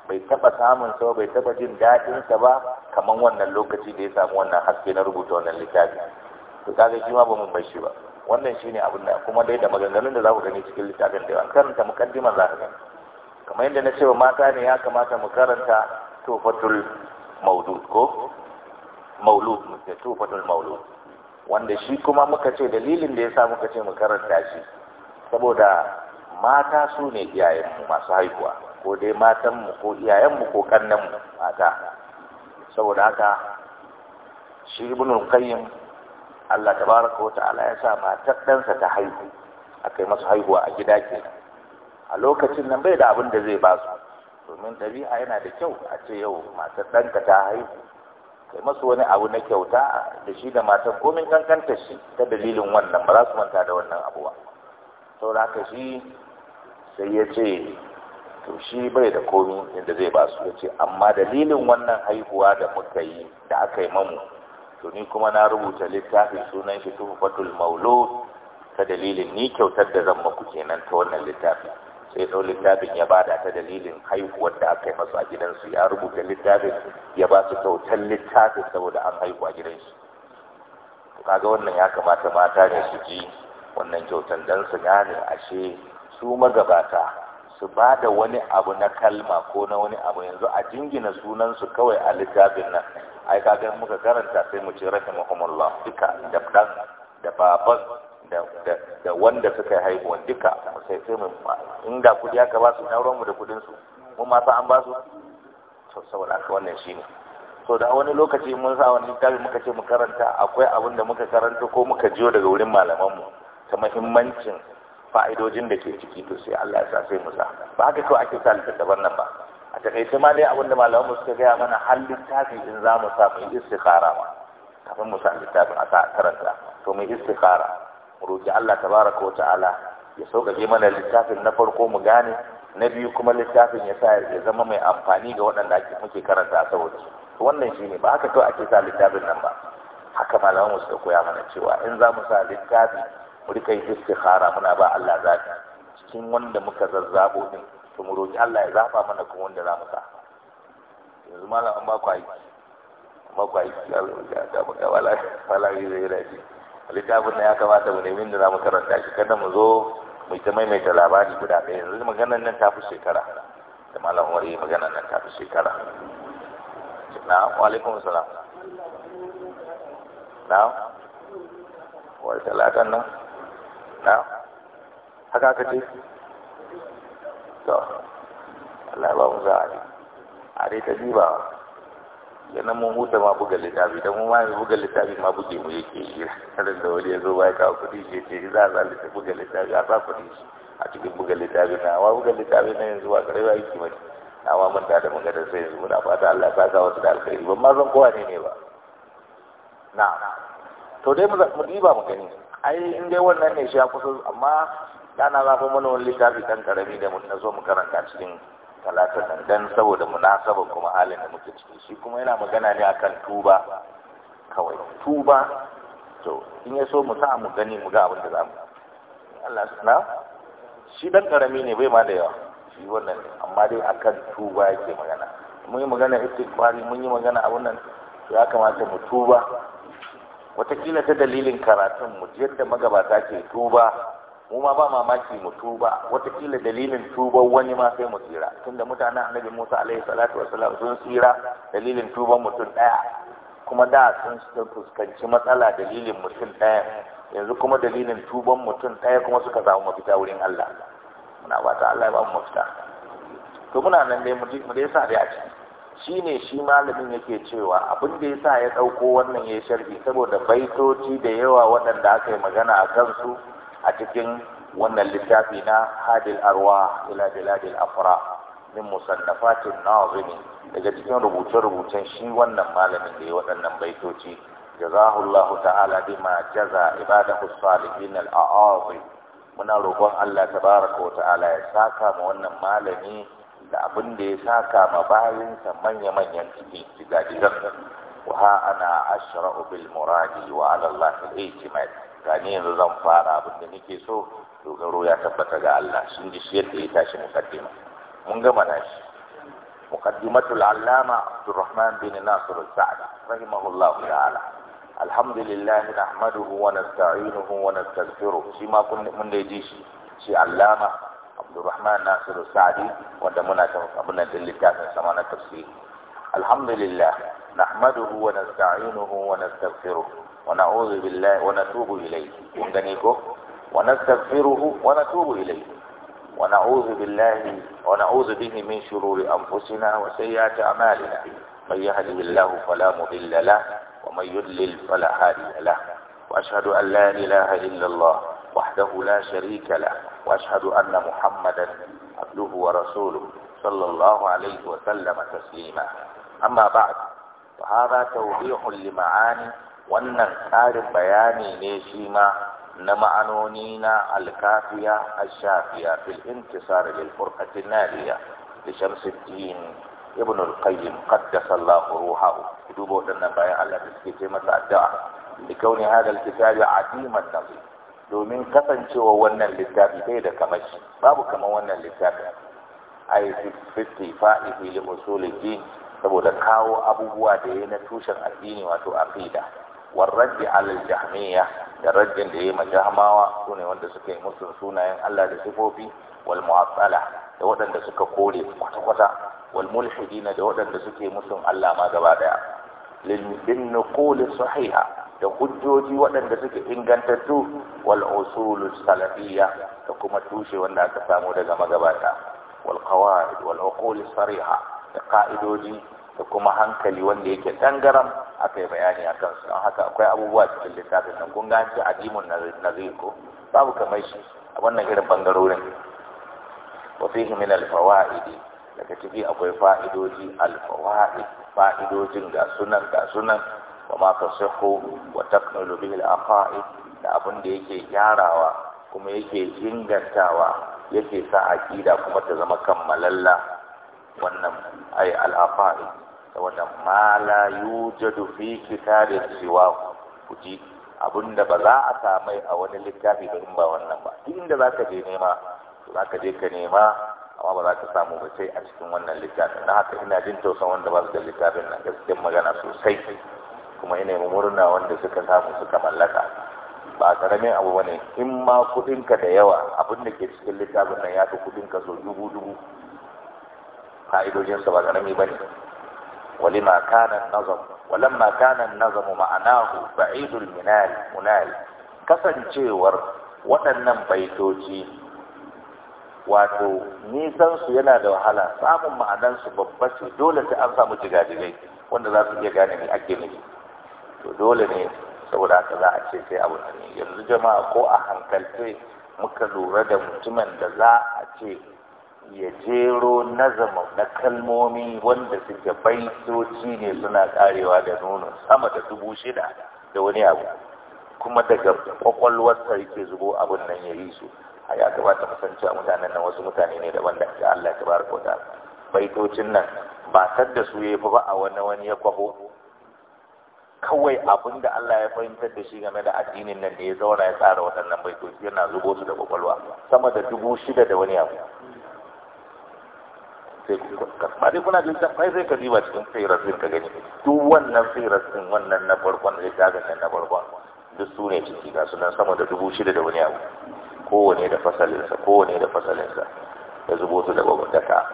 bai taba samun sa bai taba jin daɗin sa ba kaman wannan lokaci da ya samu wannan haske na rubuta wannan littafi to kaga shi ma ba mun bar shi ba wannan shine abin da kuma dai da maganganun da za ku gani cikin littafin da an karanta mukaddimar za ka gani kamar yadda na cewa mata ne ya kamata mu karanta tufatul maulud ko maulud ce tufatul maulud wanda shi kuma muka ce dalilin da yasa muka ce mu karanta shi saboda mata su ne iyayen masu haihuwa ko dai matanmu ko iyayenmu ko kannanmu mata saboda haka shi ibnul qayyim Allah tabaraka wa ta'ala ya sa matar ɗansa ta haihu akai masa haihuwa a gida kenan a lokacin nan bai da abin da zai ba domin ɗabi'a yana da kyau a ce yau matar ɗanka ta haihu kai masu wani abu na kyauta da shi da matar komin kankanta shi ta dalilin wannan ba za su manta da wannan abuwa ba saboda haka shi sai ya ce to shi bai da komi inda zai ba su amma dalilin wannan haihuwa da muka yi da aka yi mamu to ni kuma na rubuta littafin sunan shi tuhfatul maulo ta dalilin ni kyautar da zan maku kenan ta wannan littafin sai ɗau littafin ya bada ta dalilin haihuwar da aka yi masu a gidansu ya rubuta littafin ya ba su kyautar littafin saboda an haihu a gidansu kaga wannan ya kamata mata ne su ji wannan kyautar don su gane ashe su magabata su ba da wani abu na kalma ko na wani abu yanzu a jingina sunansu kawai a littafin nan ai kaga muka karanta sai mu ce rahimahumullah duka da dan da baban da wanda suka haihuwa duka sai sai mu inda kudi aka ba su dauron mu da kudin su mu ma fa an ba su to saboda haka wannan shine to da wani lokaci mun sa wani littafi muka ce mu karanta akwai abin da muka karanta ko muka jiyo daga wurin malaman mu ta muhimmancin fa'idojin da ke ciki to sai Allah ya sa sai mu sa ba haka kawai ake sa littattafan wannan ba a takaice ma dai abin da suka gaya mana har tafi in za mu sa mu yi istikhara ma kafin mu sa littafin a sa a karanta to mu yi istikhara mu roki Allah tabaraka wa ta'ala ya sauƙaƙe mana littafin na farko mu gane na biyu kuma littafin ya sa ya zama mai amfani ga waɗanda ake muke karanta a saboda su wannan shi ne ba haka kawai ake sa littafin nan ba haka malamu suka koya mana cewa in za mu sa littafi mu rika yin istikhara muna ba Allah zaka cikin wanda muka zazzabo din to mu roki Allah ya zafa mana kuma wanda za mu sa yanzu malam an ba ku aiki ba ku aiki da ba ga wala wala zai rafi littafin na ya kamata mu nemi da za mu karanta shi kada mu zo mu ta maimaita labari guda ɗaya yanzu maganar nan ta fi shekara da malam umar yi maganar nan ta fi shekara na alaikum salam na Wa talatan nan na haka aka ce to Allah ba mu za a ne a dai ta diba sannan mun huta ma buga littafi don mun ma mai buga littafi ma buge mu yake yi harin da wani ya zo ba ya kawo kudi shi ce za a zalita buga littafi a sa kudi a cikin buga littafi na wa buga littafi na yanzu ba karewa yake na wa mun da mun gadar sai yanzu muna fata Allah ya saka wasu da alkhairi ban ma zan kowa ne ne ba na to dai mu diba mu gani ai in dai wannan ne shi ya kusa amma dana ku mana wani littafi kan karami da mun zo mu karanta cikin talata nan dan saboda munasabar kuma halin da muke ciki shi kuma yana magana ne akan tuba kawai tuba to in ya so mu sa mu gani mu ga abin da zamu Allah sana shi dan karami ne bai ma da yawa shi wannan amma dai akan tuba yake magana mun yi magana istighfari mun yi magana abun nan ya kamata mu tuba watakila ta dalilin karatun mu yadda magabata ke tuba mu ma ba mamaki mu tuba watakila dalilin tuba wani ma sai mu tsira tunda mutanen annabi Musa alaihi salatu wassalam sun tsira dalilin tuban mutum daya kuma da sun fuskanci matsala dalilin mutum daya yanzu kuma dalilin tuban mutum daya kuma suka samu mafita wurin Allah muna ta Allah ya ba mu mafita to muna nan dai mu dai sa dai a ciki Shi ne shi malamin yake cewa abin da sa ya ɗauko wannan ya sharhi saboda baitoci da yawa waɗanda aka yi magana a kansu a cikin wannan littafi na hadil arwa ila biladil afra min musannafatin nazimi daga cikin rubuce-rubucen shi wannan malamin da ya waɗannan baitoci jazahullahu ta'ala bima jaza ibadahu salihin al muna roƙon Allah tabaraka wa ta'ala ya saka ma wannan malami da abin da ya saka ma bayansa manya-manyan cikin gidajen wa ana ashra'u bil muradi wa ala Allah al-ijmal gani yanzu zan fara abin da nake so garo ya tabbata ga Allah sun ji shi yadda ya tashi mukaddima mun gama shi. muqaddimatul allama Abdurrahman bin Nasir al sad rahimahullah ta'ala alhamdulillah nahmaduhu wa nasta'inuhu wa nastaghfiruh shi ma kun mun da ji shi shi allama الرحمن ناصر السعدي ودمنا أبنا دلتا سمعنا تفسير الحمد لله نحمده ونستعينه ونستغفره ونعوذ بالله ونتوب إليه ونغنيكو ونستغفره ونتوب إليه ونعوذ بالله ونعوذ به من شرور أنفسنا وسيئات أعمالنا من يهد الله فلا مضل له ومن يضلل فلا هادي له وأشهد أن لا إله إلا الله وحده لا شريك له واشهد ان محمدا عبده ورسوله صلى الله عليه وسلم تسليما اما بعد فهذا توضيح لمعاني وان كار بياني نشيما نمعنونينا الكافية الشافية في الانتصار للفرقة النارية لشمس الدين ابن القيم قدس الله روحه كتبه تنبعي على تسكيتي مساء الدعاء لكون هذا الكتاب عديم النظيم domin kasancewa wannan littafi bai da kamashi babu kamar wannan littafin ai fitti fa'ihi li usuliddin saboda kawo abubuwa da yayi na tushen addini wato aqida warraddi alal jahmiya da raddin da yayi majahmawa sune wanda suke yi musu sunayen Allah da sifofi wal mu'attala da waɗanda suka kore kwata-kwata wal mulhidina da waɗanda suke musu Allah ma gaba daya lin nuqul sahiha da hujjoji waɗanda suke ingantattu wal usulu salafiyya da kuma tushe wanda aka samu daga magabata wal qawaid wal uqul sariha da ka'idoji da kuma hankali wanda yake tangaram aka yi bayani akan su don haka akwai abubuwa cikin littafin nan kun gane adimun nazir ko babu kamar shi a wannan irin bangarorin wa fihi min al fawaidi daga ciki akwai fa'idoji al fawaid fa'idojin ga sunan ga sunan wa ma wa takmilu bihi al-aqaid da abin da yake gyarawa kuma yake ingantawa yake sa aqida kuma ta zama kammalalla wannan ay al-aqaid saboda ma la yujadu fi kitabi siwa kuji abinda ba za a samai a wani littafi ba in ba wannan ba duk inda zaka je nema zaka je ka nema amma ba za ka samu ba sai a cikin wannan littafin na haka ina jin tausan wanda ba su da littafin na gaskiyar magana sosai kuma ina yi murna wanda suka samu suka mallaka ba karamin abu bane in ma kuɗinka da yawa abin da ke cikin littafin nan ya fi kudinka so dubu dubu fa'idojin ba karami bane walima kana nazam ma kana nazamu ma'anahu ba'idul minal munal kasancewar waɗannan baitoci wato nisan su yana da wahala samun ma'anansu babba ce dole sai an samu jigajigai wanda za su iya gane ne ake nufi to dole ne saboda haka za a ce sai abu ne yanzu jama'a ko a hankalce muka lura da mutumin da za a ce ya jero nazama na kalmomi wanda suke baitoci ne suna karewa da nono sama da dubu shida da wani abu kuma daga kwakwalwar sarki zubo abin nan ya yi su a ya gabata, mu san a mutanen nan wasu mutane ne daban da Allah ya baitocin nan ba sadda su ya fi ba a wani wani ya kwaho kawai abin da Allah ya fahimtar da shi game da addinin nan da ya zauna ya tsara waɗannan to yana zubo su da kwakwalwa sama da dubu shida da wani abu sai ku ba dai kuna jin tafai sai ka diba cikin tsira sun ka gani duk wannan tsira sun wannan na farkon da ta nan na farkon duk su ne ciki ga sunan sama da dubu shida da wani abu kowane da fasalinsa kowane da fasalinsa ya zubo su da kwakwalwa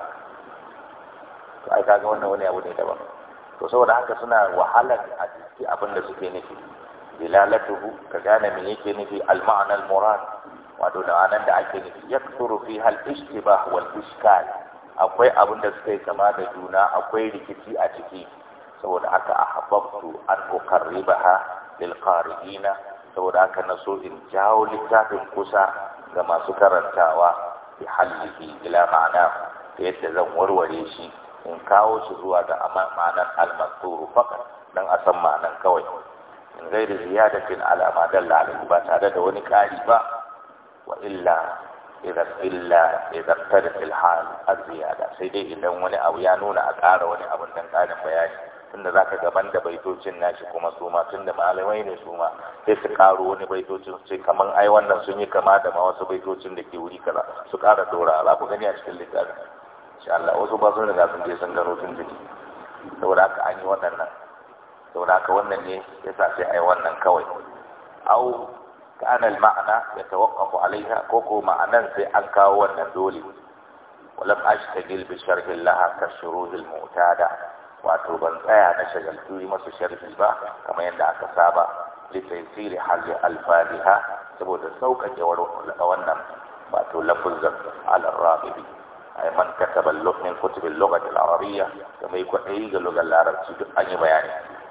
to ai kaga wannan wani abu ne daban to saboda haka suna wahalar a jiki abin da suke nufi dilalatuhu ka gane me yake nufi al-ma'na al-murad wato da anan da ake nufi yakthuru fi hal ishtibah wal iskal akwai abin da suke kama da juna akwai rikici a ciki saboda haka ahbabtu an uqarribaha lil qari'ina saboda haka na so in jawo littafin kusa ga masu karantawa bi halihi ila ma'ana da yadda zan warware shi in kawo shi zuwa da ma'anar almasturu fakat dan a san ma'anar kawai in zai gairi ziyadatin alama Dan lalubu ba tare da wani ƙari ba wa illa idan illa idan filhal a ziyada sai dai idan wani abu ya nuna a ƙara wani abun dan ƙarin bayani tunda za ka gaban da baitocin nashi kuma su ma tunda malamai ne su ma sai su ƙaro wani baitocin sai kaman ai wannan sun yi kama da ma wasu baitocin da ke wuri kaza su ƙara dora za ku gani a cikin littafin insha Allah wasu ba sun riga sun je sun gano tun jiki saboda haka an yi waɗannan saboda haka wannan ne yasa sai ai wannan kawai au kana al-ma'ana yatawaqqafu alaiha ko ko ma'anan sai an kawo wannan dole walam ashtagil bi sharhi laha ka shuruz al-mu'tada wato ban tsaya na shagaltu yi masu sharhi ba kamar yadda aka saba li litaysiri hal al-fadiha saboda sauƙaƙe wannan wato lafzan al-rabibi أي من كتب اللغة من كتب اللغة العربية كما يكون أي اللغة العربية أن يبيان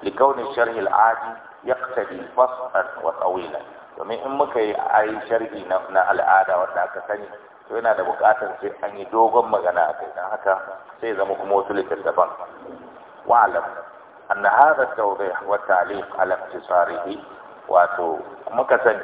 لكون الشرح العادي يقتدي فصلا وطويلا كما إمك أي شرح نحن العادة عادة وناك سنة وانا دبك آتن سي أن يدوغم هكا سيزا مكموت لكتبان واعلم أن هذا التوضيح والتعليق على اختصاره واتو مكسن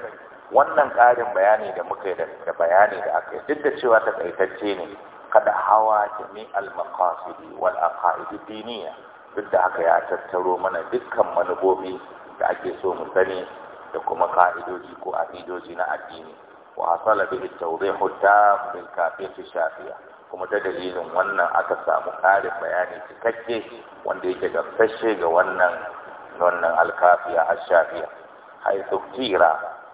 wannan ƙarin bayani da muka yi da bayani da aka yi duk da cewa ta ne kada hawa jami al-maqasidi wal aqaid diniya duk da haka ya tattaro mana dukkan manubobi da ake so mu sani da kuma ka'idoji ko aqidoji na addini wa hasala bihi tawdih tam bil kafiyati shafiya kuma ta dalilin wannan aka samu ƙarin bayani cikakke wanda yake gamsashe ga wannan wannan alkafiya ash-shafiya haythu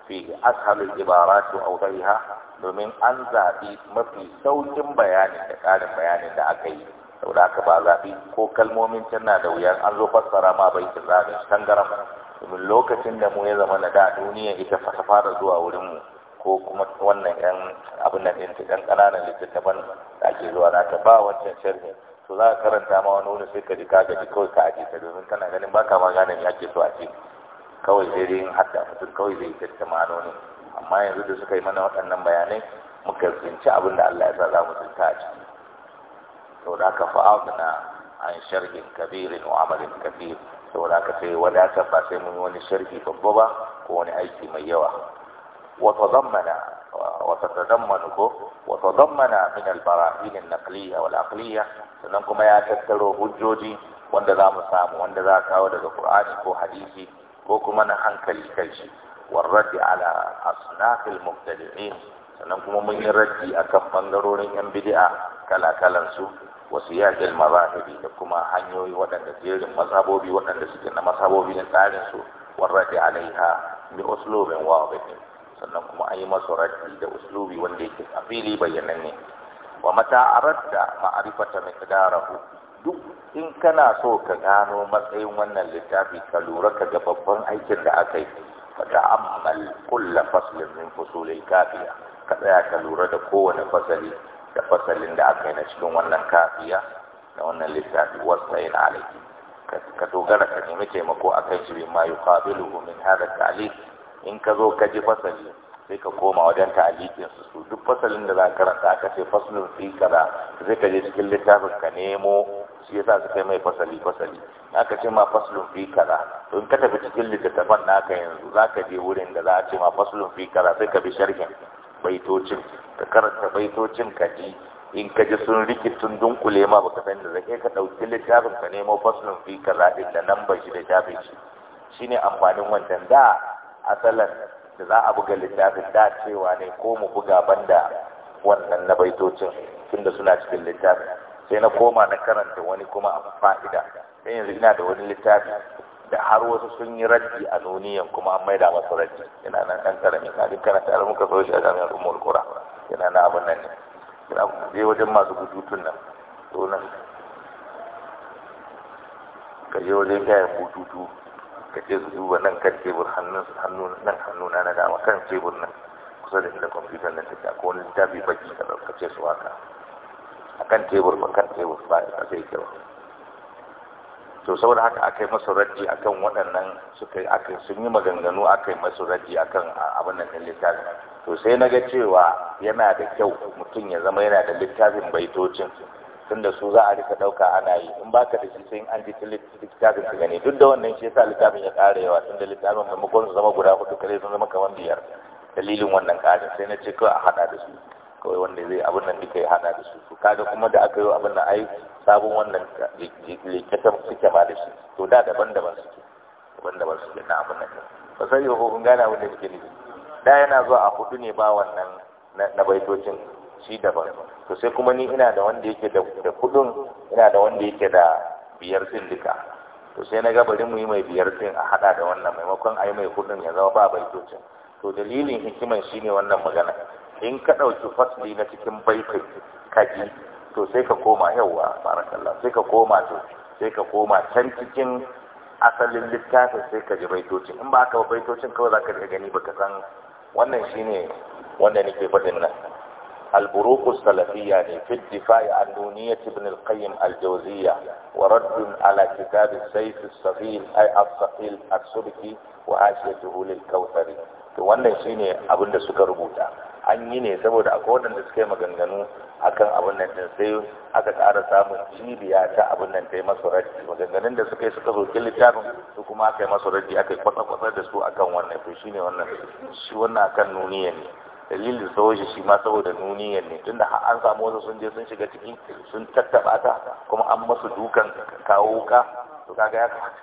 fihi ashalul ibaratu aw ghayha domin an zabi mafi saukin bayani da karin bayanin da aka yi saboda ka ba zabi ko kalmomin tana da wuya an zo fassara ma bai ta tangaram domin lokacin da mu ya zama na da duniya ita ta fara zuwa wurin mu ko kuma wannan yan abin nan ɗin ɗan ƙananan littattafan da ake zuwa na ta ba wancan sharhi to za ka karanta ma wani wani sai ka ji ka kawai ka ajiye ta domin kana ganin baka ma ganin me ke so a ce kawai sai dai in hadda mutum kawai zai yi tattama ma'anonin amma yanzu da suka yi mana waɗannan bayanai muka tsinci abin da Allah ya sa za mu tsinta a ciki saboda haka fa'aduna an sharhin kabirin wa amalin kabir saboda haka sai wadatar ba sai mun wani sharhi babba ba ko wani aiki mai yawa ko? وتضمن وتتضمن وتضمن من البراهين النقلية والعقلية sannan kuma ya tattaro hujjoji wanda za mu samu wanda za kawo daga Qur'ani ko hadisi ko kuma na hankali kanshi warrati ala asnafil mubtadi'in sannan kuma mun yi raddi akan bangarorin yan bid'a kala kalan su wasu yaƙin mazahibi da kuma hanyoyi waɗanda jerin mazhabobi waɗanda suke na mazhabobi na tsarin su warrati alaiha bi uslubin wadihin sannan kuma an yi masa raddi da uslubi wanda yake a fili bayyananne wa mata aradda ma'rifata miqdarahu duk in kana so ka gano matsayin wannan littafi ka lura ka ga babban aikin da aka yi ka ta'ammal kulla faslin min fusulil kafiya ka tsaya ka lura da kowane fasali da fasalin da aka yi na cikin wannan kafiya da wannan littafi yin alaiki ka dogara ka nemi taimako akan shi bima yuqabiluhu min hadha ta'lif in ka zo ka ji fasali sai ka koma wajen ta su su duk fasalin da za ka karanta aka ce fasalin fi kaza sai ka je cikin littafin ka nemo shi yasa suka yi mai fasali fasali aka ce ma fasalin fi kaza to in ka tafi cikin littattafan naka yanzu za ka je wurin da za a ce ma fasalin fi kaza sai ka bi sharhin baitocin ka karanta baitocin ka ji in ka ji sun tun dunkule ma baka san da zai ka ɗauki littafin ka nemo fasalin fi kaza din da nan shi da jabe shi shine amfanin wancan da asalan da za a buga littafin da cewa ne ko mu buga banda wannan na baitocin tunda suna cikin littafin sai na koma na karanta wani kuma a fa'ida sai yanzu ina da wani littafi da har wasu sun yi raji a nuniyan kuma an maida masa raji ina nan ɗan karami na duk karanta har muka so shi a jami'ar umar kura ina na abin nan ne ina je wajen masu bututun nan to nan ka je wajen kayan bututu ka ce su duba nan kan tebur hannun hannu nan hannu na na dama kan tebur nan kusa da inda kwamfuta nan tafiya, ko wani littafi baki ka ɗauka ce su haka a kan tebur ba kan tebur ba a sai kyau to saboda haka a kai masu raji akan waɗannan suka yi aka sun yi maganganu a kai masu raji akan abin nan ɗin littafin to sai na ga cewa yana da kyau mutum ya zama yana da littafin baitocin tunda su za a rika ɗauka ana yi in baka da shi sai an ji littafin ka gani duk da wannan shi yasa littafin ya ƙara yawa tunda littafin da su zama guda hudu kare sun zama kamar biyar dalilin wannan ƙarin sai na ce kawai a haɗa da su kawai wanda zai abin nan duka ya hada da su to kaga kuma da aka yi abin nan ai sabon wannan su suke ma da shi to da daban-daban suke daban-daban suke na abin nan ba sai ko kun gane abin da suke nufi da yana zuwa a hudu ne ba wannan na baitocin shi daban to sai kuma ni ina da wanda yake da kudin ina da wanda yake da biyar sin duka to sai na ga bari mu yi mai biyar sin a hada da wannan maimakon a mai kudin ya zama ba baitocin to dalilin hikiman shine wannan magana in ka ɗauki fasli na cikin baitin kaji to sai ka koma yawa barakallah sai ka koma to sai ka koma can cikin asalin littafin sai ka ji baitocin in ba ka baitocin kawai za ka gani baka san wannan shine wanda nake faɗin nan البروق السلفية يعني في الدفاع عن نونية ابن القيم الجوزية ورد على كتاب السيف الصغير أي الصقيل السبكي وحاشيته للكوثري wannan shine abin da suka rubuta an yi ne saboda akwai waɗanda suka yi maganganu akan abin nan sai aka ƙara samun cibiya ta abin nan ta yi masu maganganun da suka yi suka zoki littafin su kuma aka yi masu raddi aka da su akan wannan to shine wannan shi ne dalilin sauwar shi ma saboda nuniyan ne tunda an samu wasu sun je sun shiga ciki sun tattaba ta kuma an masu dukan kawo wuka to kaga ya kamata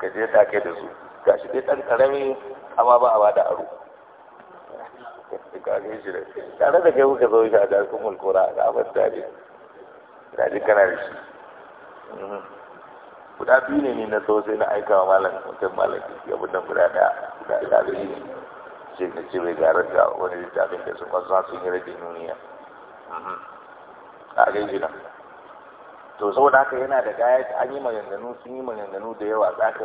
kaje ta take da su gashi dai dan karami amma ba a bada aro kage shi da tare da kai kuka zo shi a darkun mulkura ga abin ne da ji kana da shi mhm. guda biyu ne ni na so sai na aika wa malam mutum malam ya budan guda daya guda daya ne ce ka ce bai gara da wani littafin da suka kwasa sun yi rage duniya a gai gina. to saboda haka yana da gaya an yi maganganu sun yi maganganu da yawa za ka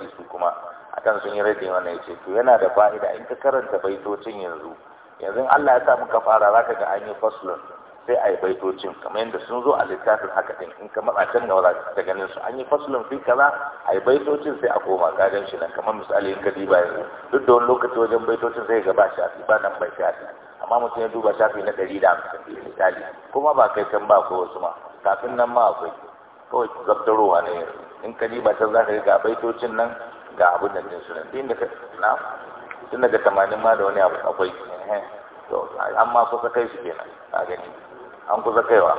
yi su kuma akan sun yi rage wani ya ce to yana da fa'ida in ka karanta baitocin yanzu yanzu Allah ya sa muka fara za ka ga an yi faslon sai a yi baitocin kamar yadda sun zo a littafin haka din in kamar a can gaba ta ganin su an yi fasulun fi kaza a yi baitocin sai a koma gadon shi nan kamar misali in ka diba yanzu duk da wani lokaci wajen baitocin sai ga ba shafi ba nan bai shafi amma mutum ya duba shafi na ɗari da hamsin misali kuma ba kai can ba ko wasu ma kafin nan ma akwai kawai zabtarowa ne yanzu in ka diba can za ka ga baitocin nan ga abin da din su nan din da ka na tun daga tamanin ma da wani abu akwai to amma kusa kai shi kenan a gani an kusa kaiwa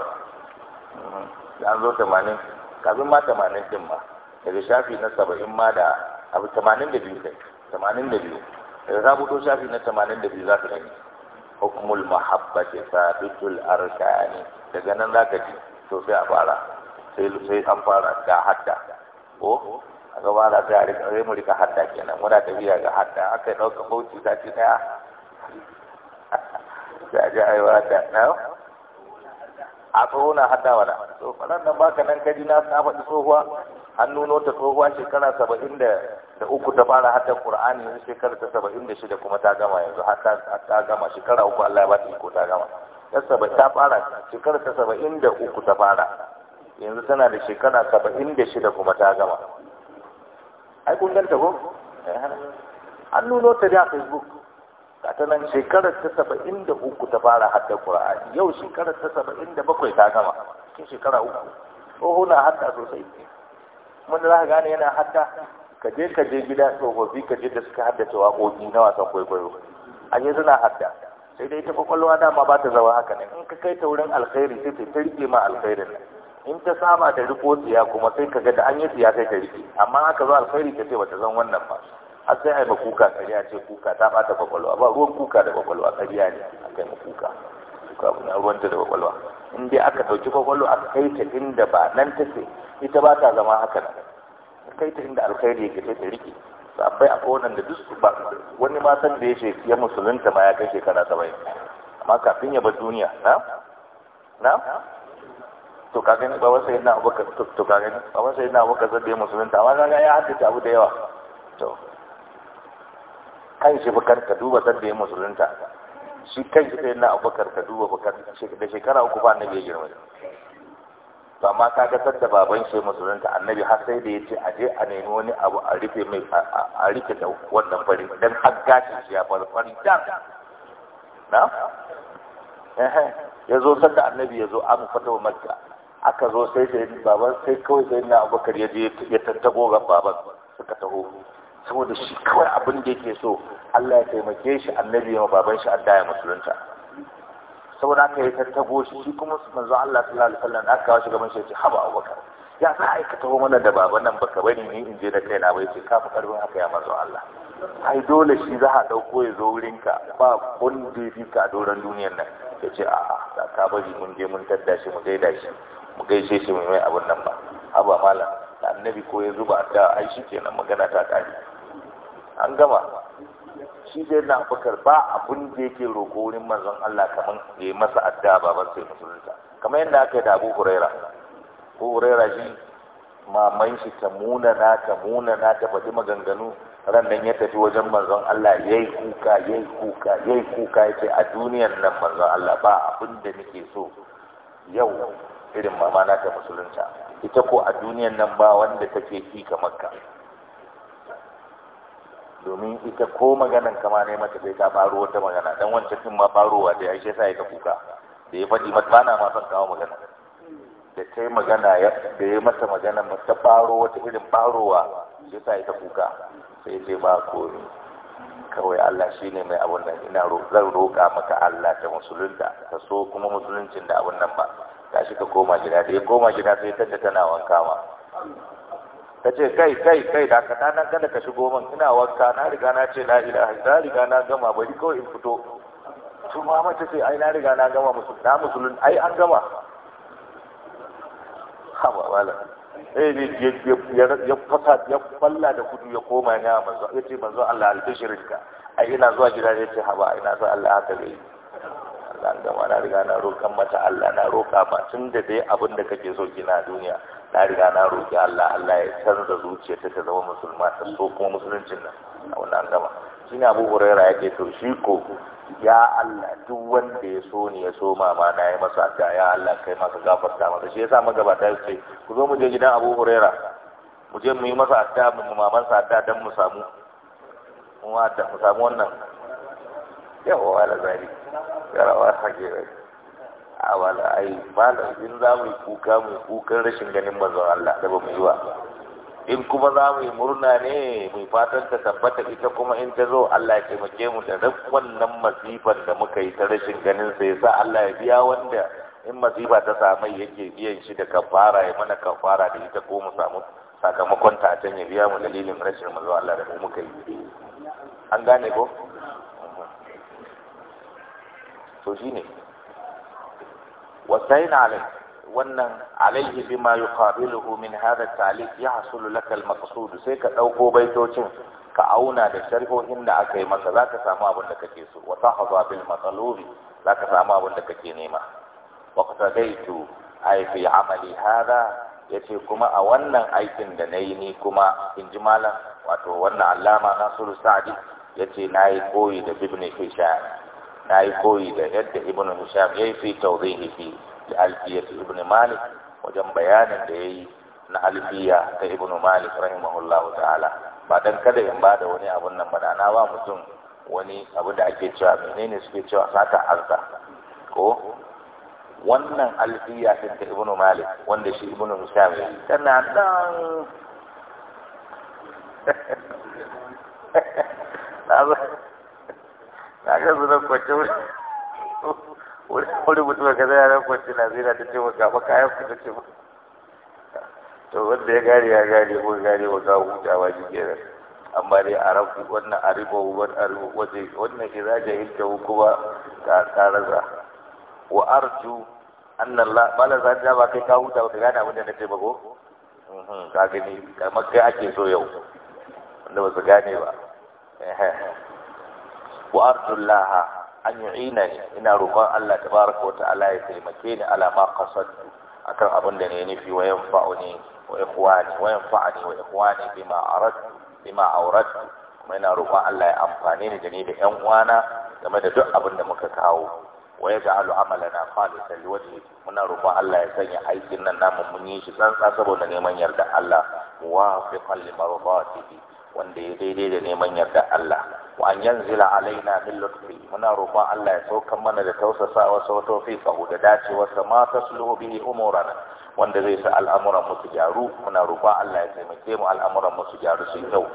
an zo tamanin kafin ma tamanin din ma daga shafi na saba'in ma da abu tamanin da biyu kai tamanin da biyu daga zabuto shafi na tamanin da biyu za ka gani hukumul mahabbati sabitul arkani daga nan za ka ji to sai a fara sai sai an fara ga hadda ko a gaba da ta rika sai mu rika hadda kenan muna tafiya ga hadda aka yi ɗaukar bauchi ce ɗaya sai a ji a yi wa hadda a tsoho na hada wala to faɗan nan baka nan kaji na ta faɗi tsohuwa an nuno ta tsohuwa shekara saba'in da uku ta fara hatta qur'ani yanzu shekara ta saba'in da shida kuma ta gama yanzu har ta gama shekara uku Allah ya ba ta iko ta gama ta fara shekara ta saba'in da uku ta fara yanzu tana da shekara saba'in da shida kuma ta gama ai kun ganta ko an nuno ta da facebook ga ta nan shekarar ta saba'in da uku ta fara hadda ƙura'ani yau shekarar ta saba'in da bakwai ta gama cikin shekara uku tsoho na hadda sosai Mun za ka gane yana hadda ka je ka je gida tsofaffi ka je da suka haddace waƙoƙi na wasan kwaikwayo a yi suna hadda sai dai ta kwakwalwa dama ba ta zama haka ne in ka kai ta wurin alkhairi sai ta rike ma alkhairin nan in ta saba da riko tsiya kuma sai ka ga da an yi tsiya sai ta rike amma haka zo alkhairi ta ce ba ta zan wannan ba a sai ai kuka kariya ce kuka ta bata kwakwalwa ba ruwan kuka da kwakwalwa kariya ne a kai kuka kuka abu na ruwanta da kwakwalwa in dai aka ɗauki kwakwalwa aka kai ta inda ba nan ta ce ita ba ta zama haka nan kai ta inda alkhairi yake sai ta rike sabai a kowannan da duk ba wani ma san da ya ce ya musulunta ma ya kai shekara saba'in amma kafin ya bar duniya na na to ka gani ba wasa yana abubakar to ka gani ba wasa yana abubakar sai da ya musulunta amma kaga ya haddace abu da yawa to kan shi bakar ka duba san da ya musulunta shi kan shi sai na abubakar ka duba bakar da shekara uku ba annabi ya girma to amma ka ga sadda baban shi musulunta annabi har sai da ya ce a je a nemi wani abu a rufe mai a rufe da wannan fari dan har gashin shi ya fara fari dan na ya zo sanda annabi ya zo an fata wa makka aka zo sai sai baban sai kawai sai na abubakar ya je ya tattabo ga baban suka taho saboda shi kawai abin da yake so Allah ya taimake shi annabi ya baban shi adda ya musulunta saboda aka yi tattago shi shi kuma manzo Allah sallallahu alaihi wasallam aka kawo shi gaban shi ce haba Abubakar ya za a aikata mana da baban nan baka bari ni in je da kaina bai ce kafa karfin haka ya manzo Allah ai dole shi za a dauko ya zo wurin ka ba bun da fi ka doran duniyar nan ya ce a'a da ka bari mun je mun tadda shi mu gaida shi mu gaishe shi mu mai abun nan ba haba malam da annabi ko ya zuba da ai shi kenan magana ta kare an gama shi dai na fukar ba abun da yake roƙo wurin manzon Allah kaman ya yi masa ba ba sai musulunta kamar yadda aka yi da Abu Huraira Abu Huraira shi maman shi ta munana ta munana ta faɗi maganganu ran nan ya tafi wajen manzon Allah yayi kuka yayi kuka yayi kuka yace a duniyar nan manzon Allah ba abin da nake so yau irin mama na ta musulunta ita ko a duniyar nan ba wanda take ki kamar ka domin ita ko maganan kama ne mata sai ta faro wata magana dan wancan tun ma farowa da ya sai sa ya kuka da ya faɗi mata bana ma son kawo magana da ta yi magana da ya mata magana ma ta faro wata irin farowa sai sa ya kuka sai ce ba komi kawai Allah shi ne mai abun nan ina zan roƙa maka Allah ta musulunta ta so kuma musuluncin da abun nan ba shi ka koma gida da ya koma gida sai ta tana wankawa. ka ce kai kai kai da ka tana kada ka shigo min ina wanka na riga na ce la ilaha na riga na gama bari kawai in fito su ma mace ce ai na riga na gama musulun. na musulun ai an gama ha ba wala eh ne ya ya fasa ya falla da kudu ya koma ya manzo ya ce manzo Allah al-bishirka ai ina zuwa gida ya ce ha ba ina zuwa Allah haka zai Allah an gama na riga na roƙan mata Allah na roƙa ba tun da dai abin da kake so kina duniya na riga na roƙi Allah Allah ya canza zuciya ta ta zama musulma ta so kuma musuluncin nan a wannan an gama shi ne abu ya yake to shi ko ya Allah duk wanda ya so ni ya so mama na ya masa ta ya Allah kai masa gafarta masa shi yasa magabata ya ce ku zo mu je gidan abu huraira mu je mu yi masa ta mu maman sa ta dan mu samu mu samu wannan yawa wala zari yarawa hakira a wala ai malam in za mu yi kuka mu kukan rashin ganin manzon Allah da ba mu yi wa in kuma za mu yi murna ne mu fatan ta tabbata ita kuma in ta zo Allah ya taimake mu da wannan masifar da muka yi ta rashin ganin sa yasa Allah ya biya wanda in masifa ta samu yake biyan shi da kafara ya mana kafara da ita ko mu samu sakamakon ta can ya biya mu dalilin rashin manzon Allah da mu muka yi an gane ko to shine وسين عليه wannan alaihi bima yuqabiluhu min hadha at-ta'liq yahsulu laka al-maqsud sai ka dauko baitocin ka auna da sharhohin da aka yi masa zaka samu abin da kake so wa tahadha bil matlubi zaka samu abin da kake nema wa qadaitu ay fi amali hadha yace kuma a wannan aikin da nayi ni kuma in ji malam wato wannan allama nasiru sa'di yace nayi koyi da ibn hisham na yi koyi da yadda Ibnu hisham ya yi fi tawzihi fi da alfiyat ibn malik wajen bayanin da ya yi na alfiya ta Ibnu malik rahimahullahu ta'ala ba dan kada in ba da wani abun nan ba na ba mutum wani abu da ake cewa menene suke cewa sata arza ko wannan alfiya din ta ibn malik wanda shi ibn hisham ya yi tana nan Ka su nan kwace wani mutum ka zai nan kwace na zina ta ce maka ba kayan fita ta ce ba to wanda ya gari ya gari ko gane wa ga hutawa shi kenan amma dai a rafu wannan a riba wannan a riba waje wannan idza jahilta kuma ka karaza wa arju annan la bala za ta ba kai ka huta ba gane abin da na ce ba ko mhm, ka gani kamar kai ake so yau wanda ba su gane ba wa arjullaha an yu'ina ni ina roƙon Allah tabaraka wa ta'ala ya taimake ni ala ma qasadtu akan abin da ne nufi wa yanfa'uni wa ikhwani wa yanfa'ani wa ikhwani bima aradtu kuma ina roƙon Allah ya amfane ni da ni da ƴan uwana game da duk abin da muka kawo wa yaj'alu amalana khalisan liwajhi muna roƙon Allah ya sanya aikin nan namu mun yi shi tsantsa saboda neman yarda Allah muwafiqan wanda ya daidai da neman yarda Allah wa an yanzila alaina min lutfi muna roƙon Allah ya saukar mana da tausasawa sau tawfiqahu da dacewa sa ma tasluhu bihi umurana wanda zai sa al'amuran mu su gyaru muna roƙon Allah ya taimake mu al'amuran mu su gyaru su yau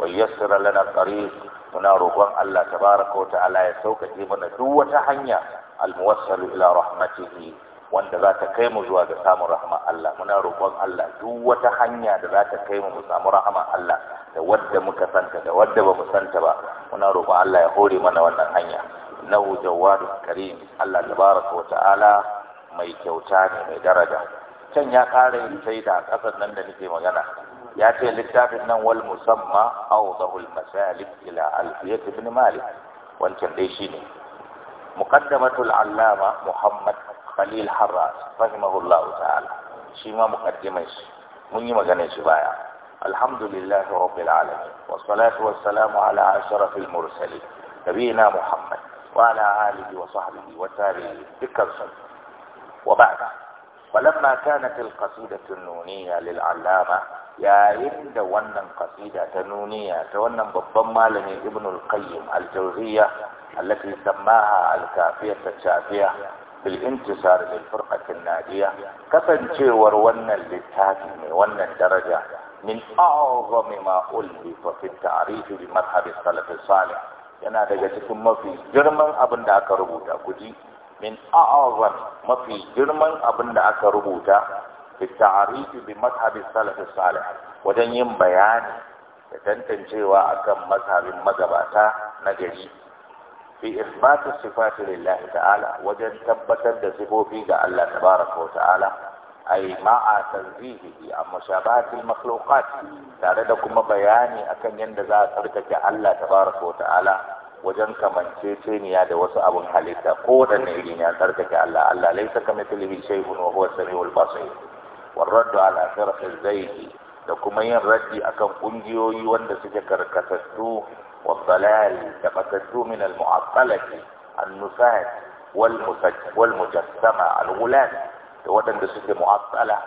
wa yassara lana tariq muna roƙon Allah tabaraka wa ta'ala ya sauƙaƙe mana duk wata hanya al-muwassalu ila rahmatihi wanda za ta kai mu zuwa ga samun rahama Allah muna roƙon Allah duk wata hanya da za ta kai mu mu samu rahama Allah da wadda muka santa da wadda ba mu santa ba muna roƙon Allah ya hore mana wannan hanya nahu jawadu karim Allah tabaraka wata'ala mai kyauta ne mai daraja can ya ƙara yin shaida a ƙasar nan da nake magana ya ce littafin nan wal musamma awdahul masalik ila alfiyat ibn malik wancan dai shine muqaddamatul allama muhammad خليل حراس رحمه الله تعالى شيما مقدمش من يمغني شبايا الحمد لله رب العالمين والصلاة والسلام على أشرف المرسلين نبينا محمد وعلى آله وصحبه وتابعه ذكر وبعد فلما كانت القصيدة النونية للعلامة يا إند ونن قصيدة نونية تونن بضم ابن القيم الجوزية التي سماها الكافية الشافية fil intisar lil furqatin nadiya kasancewar wannan littafi mai wannan daraja min a'zami ma ullifa fi ta'rif bi madhhab salaf salih yana daga cikin mafi girman abin da aka rubuta kuji min a'zam mafi girman abin da aka rubuta fi ta'rif bi madhhab salaf salih wajen yin bayani da tantancewa akan mazhabin magabata na gari في إثبات الصفات لله تعالى وجد ثبتت صفوفه الله تبارك وتعالى أي مع تنزيهه عن مشابهة المخلوقات تعرضكم بياني أكن يندزا تركك الله تبارك وتعالى وجن كمن تيتين يا دوس أبو الحليل تقول أن إلينا تركك الله ليس كمثله شيء وهو السميع البصير والرد على فرق الزيدي لكم أين ردي أكن أنجيوي وندسك كركستو والضلال كما تدعو من المعطلة النفاة والمجسمة الغلاة وأن تسكت معطلة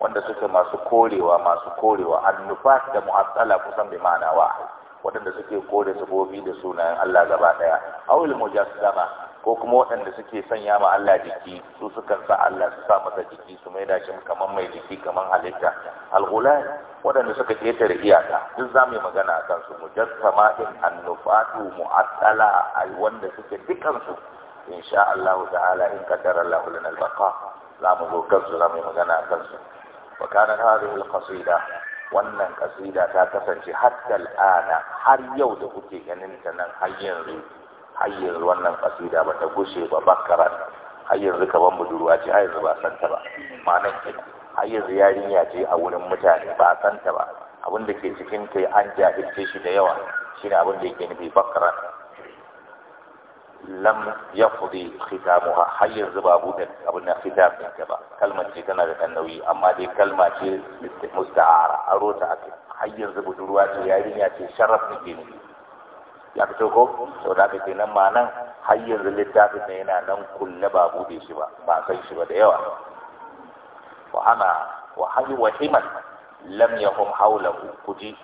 وأن تسكت ما سكولي وما سكولي وأن النفاة معطلة بمعنى واحد waɗanda suke kore sabobi da sunayen Allah gaba ɗaya awil mujassama ko kuma waɗanda suke sanya ma Allah jiki su sukan sa Allah su sa masa jiki su mai da shi kamar mai jiki kamar halitta alghulal waɗanda suka ketare iyaka duk za mu magana a kansu mujassama in annufatu mu'attala ai wanda suke dukansu insha Allah ta'ala in kadara Allah lana albaqa za mu zo kansu za mu magana a kansu kana hadhihi alqasida wannan kasida ta kasance hatta al'ana har yau da kuke ganin ta nan har yanzu har yanzu wannan kasida ba ta gushe ba bakaran har yanzu kaman budurwa ce har yanzu ba san ta ba ma'anar ke, har yanzu yarinya ce a wurin mutane ba san ta ba abin da ke cikin ta an jahilce shi da yawa shine abin da yake nufi bakaran lam ya yafdi khitamuha har yanzu ba abu na abin da khitam din ta ba kalmar ce tana da ɗan nauyi amma dai kalma ce musta'ara aro ta ake har yanzu budurwa ce yarinya ce sharaf ne ke ne ya fito ko sau da aka kenan ma nan har yanzu littafin da yana nan kulle ba bude shi ba ba san shi ba da yawa wa hana wa hali wa himan lam yahum hawlahu kuji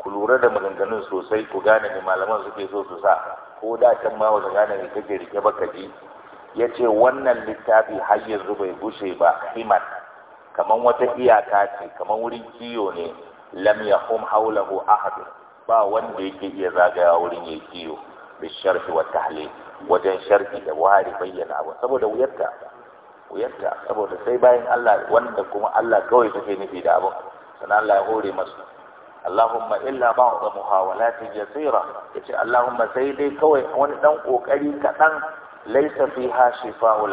ku lura da maganganun sosai ku gane me malaman suke so su sa ko da can ma wata gane ne kake rike ba kaji ya ce wannan littafi har yanzu bai gushe ba himan kamar wata iyaka ce kamar wurin kiyo ne lam yahum haulahu ahad ba wanda yake iya zagaya wurin ya kiyo bi sharhi wa tahlil wajen sharhi da wari bayyana abu saboda wuyarta wuyarta saboda sai bayan Allah wanda kuma Allah kawai take nufi da abin sannan Allah ya hore masu Allahumma illa ba'da muhawalatin yasira yace Allahumma sai dai kawai wani ɗan ƙoƙari kaɗan laysa fiha shifaul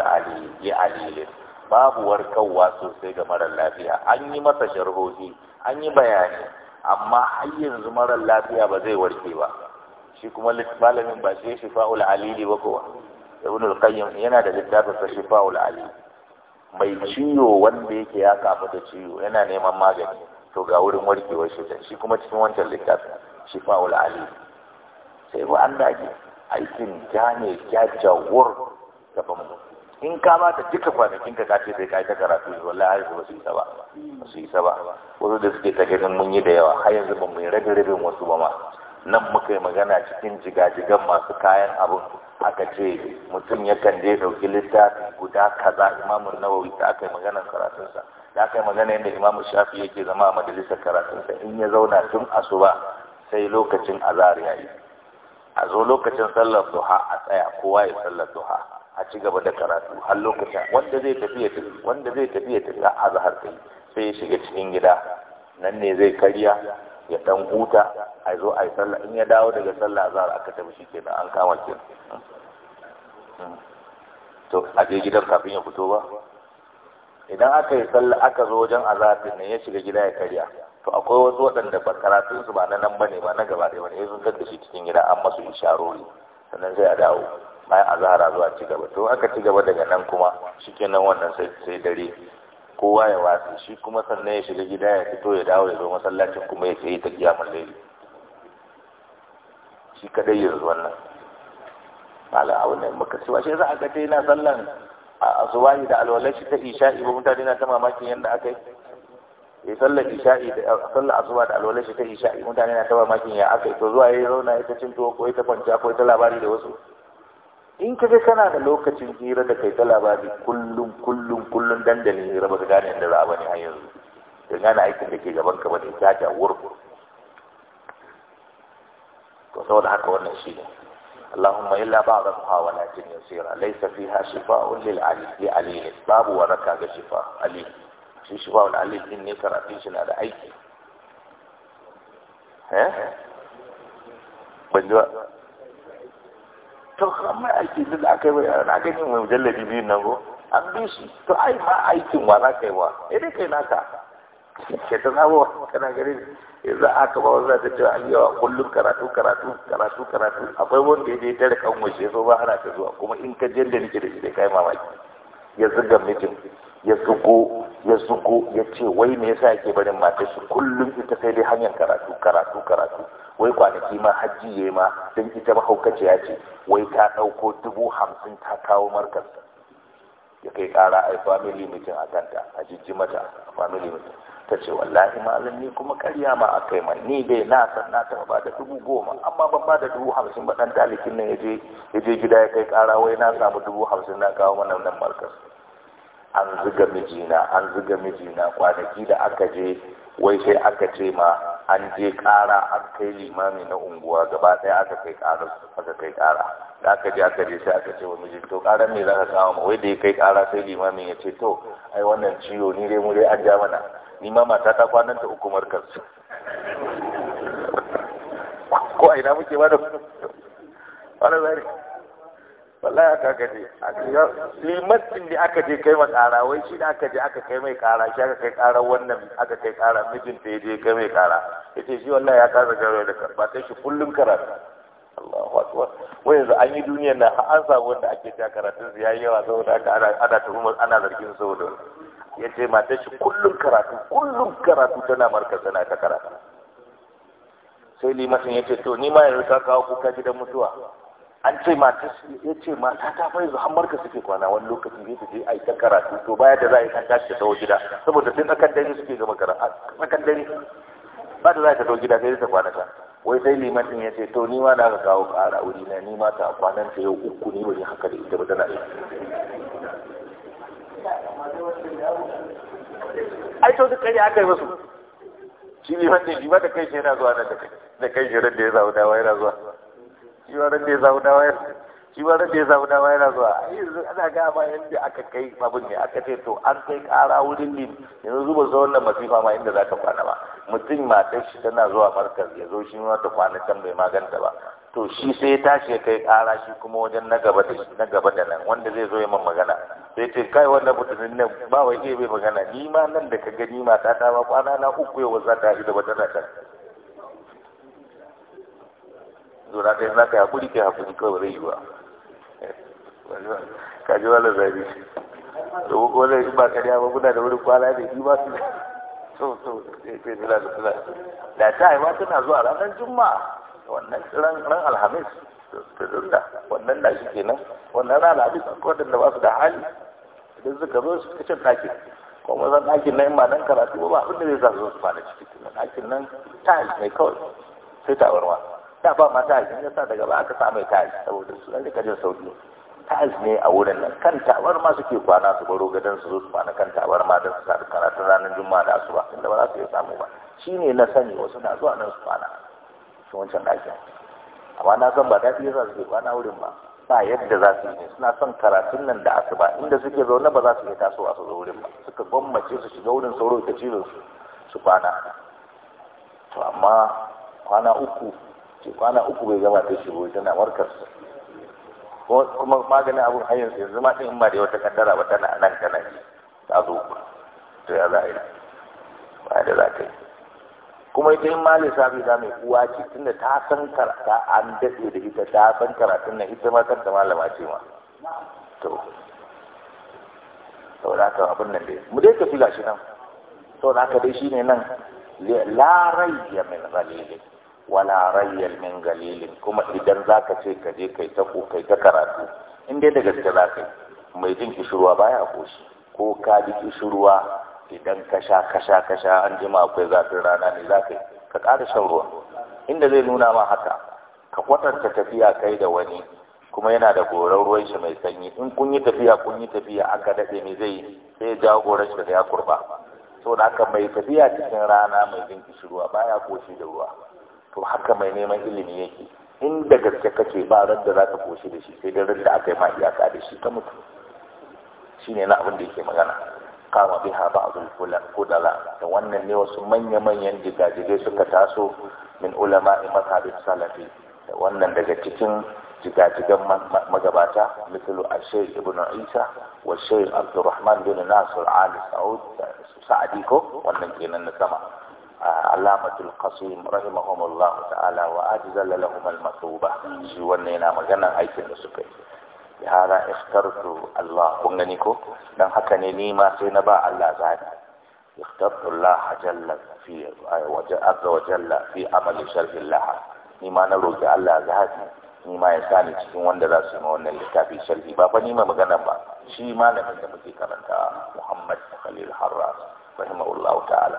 babu warkarwa sosai ga marar lafiya an yi masa sharhohi an yi bayani amma har yanzu marar lafiya ba zai warke ba shi kuma malamin ba shi shifa'ul alili ba yana da littafin sa shifa'ul alili mai ciwo wanda yake ya kafa da ciwo yana neman magani to ga wurin warkewar shaitan shi kuma cikin wancan littafin shi fa'ul ali sai ba an dage aikin gane jajawar gaban mu in ka ba ta duka kwanakin ka kace sai kai ta karatu wallahi har ba su isa ba ba su ba wasu da suke ta ganin mun yi da yawa har yanzu ba mu yi rage rabin wasu ba ma nan muka yi magana cikin jigajigan masu kayan abin aka ce mutum yakan je dauki littafi guda kaza imamu nawawi ta aka yi maganar karatunsa Ya kai magana yadda imamu shafi yake zama a majalisar karatunsa in ya zauna tun asuba sai lokacin azhar ya yi a zo lokacin sallar duha a tsaya kowa ya sallar duha a ci gaba da karatu har lokacin wanda zai tafi ya tafi wanda zai tafi ya tafi a azhar kai sai ya shiga cikin gida nan ne zai karya ya dan huta a zo a yi sallah in ya dawo daga sallah azhar aka tafi shi kenan an kama kin hmm. hmm. to a je gidan kafin ya fito ba idan aka yi sallah aka zo wajen azafin ne ya shiga gida ya karya to akwai wasu waɗanda ba karatun su ba na nan bane ba na gaba ɗaya bane ya sun da shi cikin gida an masu isharori sannan sai a dawo bayan azahara zuwa ci gaba to aka ci gaba daga nan kuma nan wannan sai sai dare kowa ya wasu shi kuma sannan ya shiga gida ya fito ya dawo ya zo masallacin kuma ya sai ta kiyamul laili shi kadai yanzu wannan ala abu ne muka ci ba shi yasa aka ce na sallan a zuwahi da alwalar shi ta isha'i ba mutane na ta mamakin yadda aka yi ya sallar isha'i da sallar asuba da alwalar shi ta isha'i mutane na ta mamakin ya aka yi to zuwa ya zauna ita cin tuwo ko ita kwanciya ko ita labari da wasu in ka ga kana da lokacin hira da kai ta labari kullum kullum kullum dandalin hira ba ka gane yadda za a bane har yanzu ka gane aikin da ke gaban ka ba ne, ta ta wurfu to saboda haka wannan shi ne اللهم إلا بعضها ولكن يسيرا ليس فيها شفاء للعليل باب وركا شفاء عليل shi shi bawon alif din ne karatun shi na da aiki eh? ban ji ba to aiki din da aka yi bayan na gani mai mujallabi biyun nan go an bi shi to ai ma aikin wa yi wa idan eh, kai naka ke ta sabo kana ganin yanzu aka ba wanda ta cewa an yawa kullum karatu karatu karatu karatu akwai wanda ya je tare kan wace so ba hana ta zuwa kuma in ka jin da nake da shi kai mamaki ya zuga mijin ya zugo ya zugo ya ce wai me yasa yake barin matar shi kullum ita sai dai hanyar karatu karatu karatu wai kwanaki ma hajji yayi ma dan ita mahaukaciya ce wai ta dauko dubu hamsin ta kawo markarsa ya kai kara a family mijin a kanta a jijji mata a family mijin. ta ce wallahi malam ni kuma karya ma a kai man ni dai na san na taɓa ba da dubu goma amma ban ba da dubu hamsin ba ɗan talikin nan ya yaje gida ya kai ƙara wai na samu dubu hamsin na kawo mana nan markas an ziga mijina an ziga mijina kwanaki da aka je wai sai aka ce ma an je ƙara an kai limami na unguwa gaba ɗaya aka kai ƙara aka kai ƙara da aka je aka je sai aka ce wa miji to ƙara me za ka kawo ma wai da ya kai ƙara sai limamin ya ce to ai wannan ciwo ni dai mu dai an ja mana ni ma mata ta kwanan ta uku markas ko a ina muke ba da wani zari wallahi aka gaje limatin da aka je kai makara wai shi da aka je aka kai mai kara shi aka kai kara wannan aka kai kara mijinta ya je kai mai kara ce shi wallahi ya kasa garo da ba kai shi kullum karatu Allahu akbar wai yanzu an yi duniyar nan an samu wanda ake ta karatun su yi yawa saboda haka ana ana ana zargin saboda ya ce matar shi kullum karatu kullum karatu tana marka tana ta karatu sai limasin ya ce to ni ma yanzu ka kawo kuka gidan mutuwa an ce mata ya ce mata ta fara zuwa marka suke kwana wani lokaci zai su je a yi ta karatu to baya da za a yi kan tashi ta gida saboda sai tsakan dare suke gama karatu tsakan dare ba da za ta zo gida sai ta kwana ta wai sai liman ya ce to ni ma na ka kawo ƙara wuri na ni ma ta kwanan ta yau uku ni ba haka da ita ba tana ai to duk kare aka yi musu shi ne wanda shi ba da kai shi yana zuwa nan da kai shi ran da ya zawo dawa yana zuwa shi ba ran da ya zawo dawa yana shi ba ran da ya zawo dawa yana zuwa yanzu ana ga ma yanda aka kai abin ne aka ce to an kai kara wurin ne yanzu zuba zuwa wannan masifa ma inda za ta kwana ba mutum matar shi tana zuwa markaz ya zo shi ma ta kwana can bai maganta ba to shi sai ya tashi ya kai ƙara shi kuma wajen na gaba da na gaba da nan wanda zai zo ya man magana sai ce kai wanda mutumin nan ba wai iya bai magana ni ma nan da ka gani ma ta ba kwana na uku yau za ta yi da wata na ɗan. zura ta yi za ka hakuri kai hakuri kawai zai yi ba ka ji wala zabi to ko wala in ba kariya ba muna da wurin kwana ne ni ba su so so sai sai da suna da ta yi ma tana zuwa ranar juma'a wannan ran ran alhamis ta dinda wannan da shi kenan wannan ran alhamis akwai wadanda ba su da hali idan suka zo su kacin ɗakin kuma san ɗakin nan ma nan karatu ba abin da zai sa su fara ciki kenan ɗakin nan tiles mai kawai sai warwa da ba ma ta yi yasa daga ba aka sa mai tiles saboda su ne rika jin sauki tiles ne a wurin nan kan tabar ma suke kwana su baro gadon su zo su kwana kan tabar ma da su sa karatun ranar juma'a da asuba inda ba za su iya samu ba shine na sani wasu na zuwa nan su kwana cikin wancan ɗakin amma na san ba daɗi yasa suke kwana wurin ba ba yadda za su yi suna son karatun nan da asuba inda suke zaune ba za su iya tasowa su zo wurin ba suka gwammace su shiga wurin sauro ta cizon su su kwana to amma kwana uku ce kwana uku bai gama ta shigo tana warkar kuma maganin abun hanyar yanzu yanzu ma ɗin in ba da wata kaddara ba tana nan tana ji ta zo to ya za a yi ba da za ka yi kuma ita yin ma lissafi za mai uwa ce tunda ta san karata an daɗe da ita ta san karata na ita ma kanta malama ce ma to saboda haka abin nan dai mu dai tafi gashi nan saboda haka dai shine nan la min galilin, wala rayyal min galilin kuma idan zaka ce ka je kai ta kai ta karatu in dai da gaske za yi mai jin kishirwa baya koshi ko ka ji kishirwa idan ka sha ka sha ka sha an jima akwai zafin rana ne za ka yi, ka ƙara shan ruwa inda zai nuna ma haka ka kwatanta tafiya kai da wani kuma yana da goran ruwan shi mai sanyi in kun yi tafiya kun yi tafiya aka daɗe ne zai sai ya jawo goran shi da ya kurba saboda haka mai tafiya cikin rana mai jin ruwa baya koshi da ruwa to haka mai neman ilimi yake in da gaske kake ba ran da za ka koshi da shi sai da ran da aka yi ma iyaka da shi ta mutu shine na abin da yake magana kama biha ba'dul fudala da wannan ne wasu manya-manyan jigajigai suka taso min ulama'i mazhabin salafi da wannan daga cikin jigajigan magabata misalu a shaykh ibn isa wa shaykh abdurrahman bin nasir ali sa'ud sa'adi ko wannan kenan na sama alamatul qasim rahimahumullah ta'ala wa ajzala lahum al-masuba shi wannan yana maganar aikin da suka yi bihara ikhtartu Allah kun gani ko dan haka ne ni ma sai na ba Allah zabi ikhtartu Allah jalla fi waja azza wa jalla fi amali sharhi Allah ni ma na roki Allah zabi ni ma ya sani cikin wanda za su yi wannan littafi sharhi ba fa ni ma magana ba shi malamin da muke karanta Muhammad Khalil Harras rahimahullahu ta'ala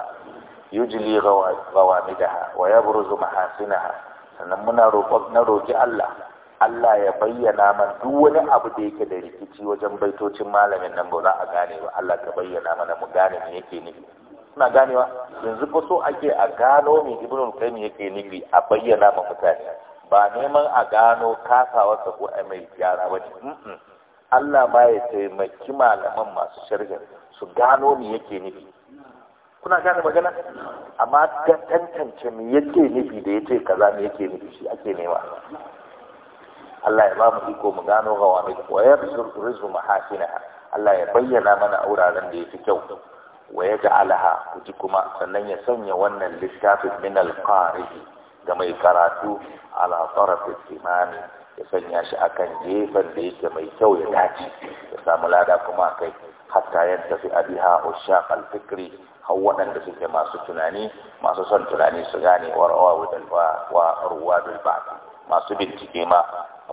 yujli gawamidaha wa yabruzu mahasinaha sannan muna roƙon na roki Allah Allah ya bayyana man duk wani abu da yake da rikici wajen baitocin malamin nan ba za a gane ba Allah ka bayyana mana mu gane me yake nufi suna ganewa yanzu ko so ake a gano me Ibn Qayyim yake nufi a bayyana ma mutane ba neman a gano kasawarsa ko a mai gyara ba Allah ba ya taimaki malaman masu sharhin su gano me yake nufi kuna gane magana amma ka tantance me yake nufi da yace kaza me yake nufi shi ake nema Allah ya ba mu iko mu gano gawami wa ya rizqu mahasinaha Allah ya bayyana mana a wuraren da yafi kyau wa ya ja'alaha kuji kuma sannan ya sanya wannan littafin min al da ga mai karatu ala taraf al ya sanya shi akan gefen da yake mai kyau ya dace ya samu lada kuma kai hatta yadda fi abiha ushaq al-fikri har waɗanda suke masu tunani masu son tunani su gane wa rawa wa masu bincike ma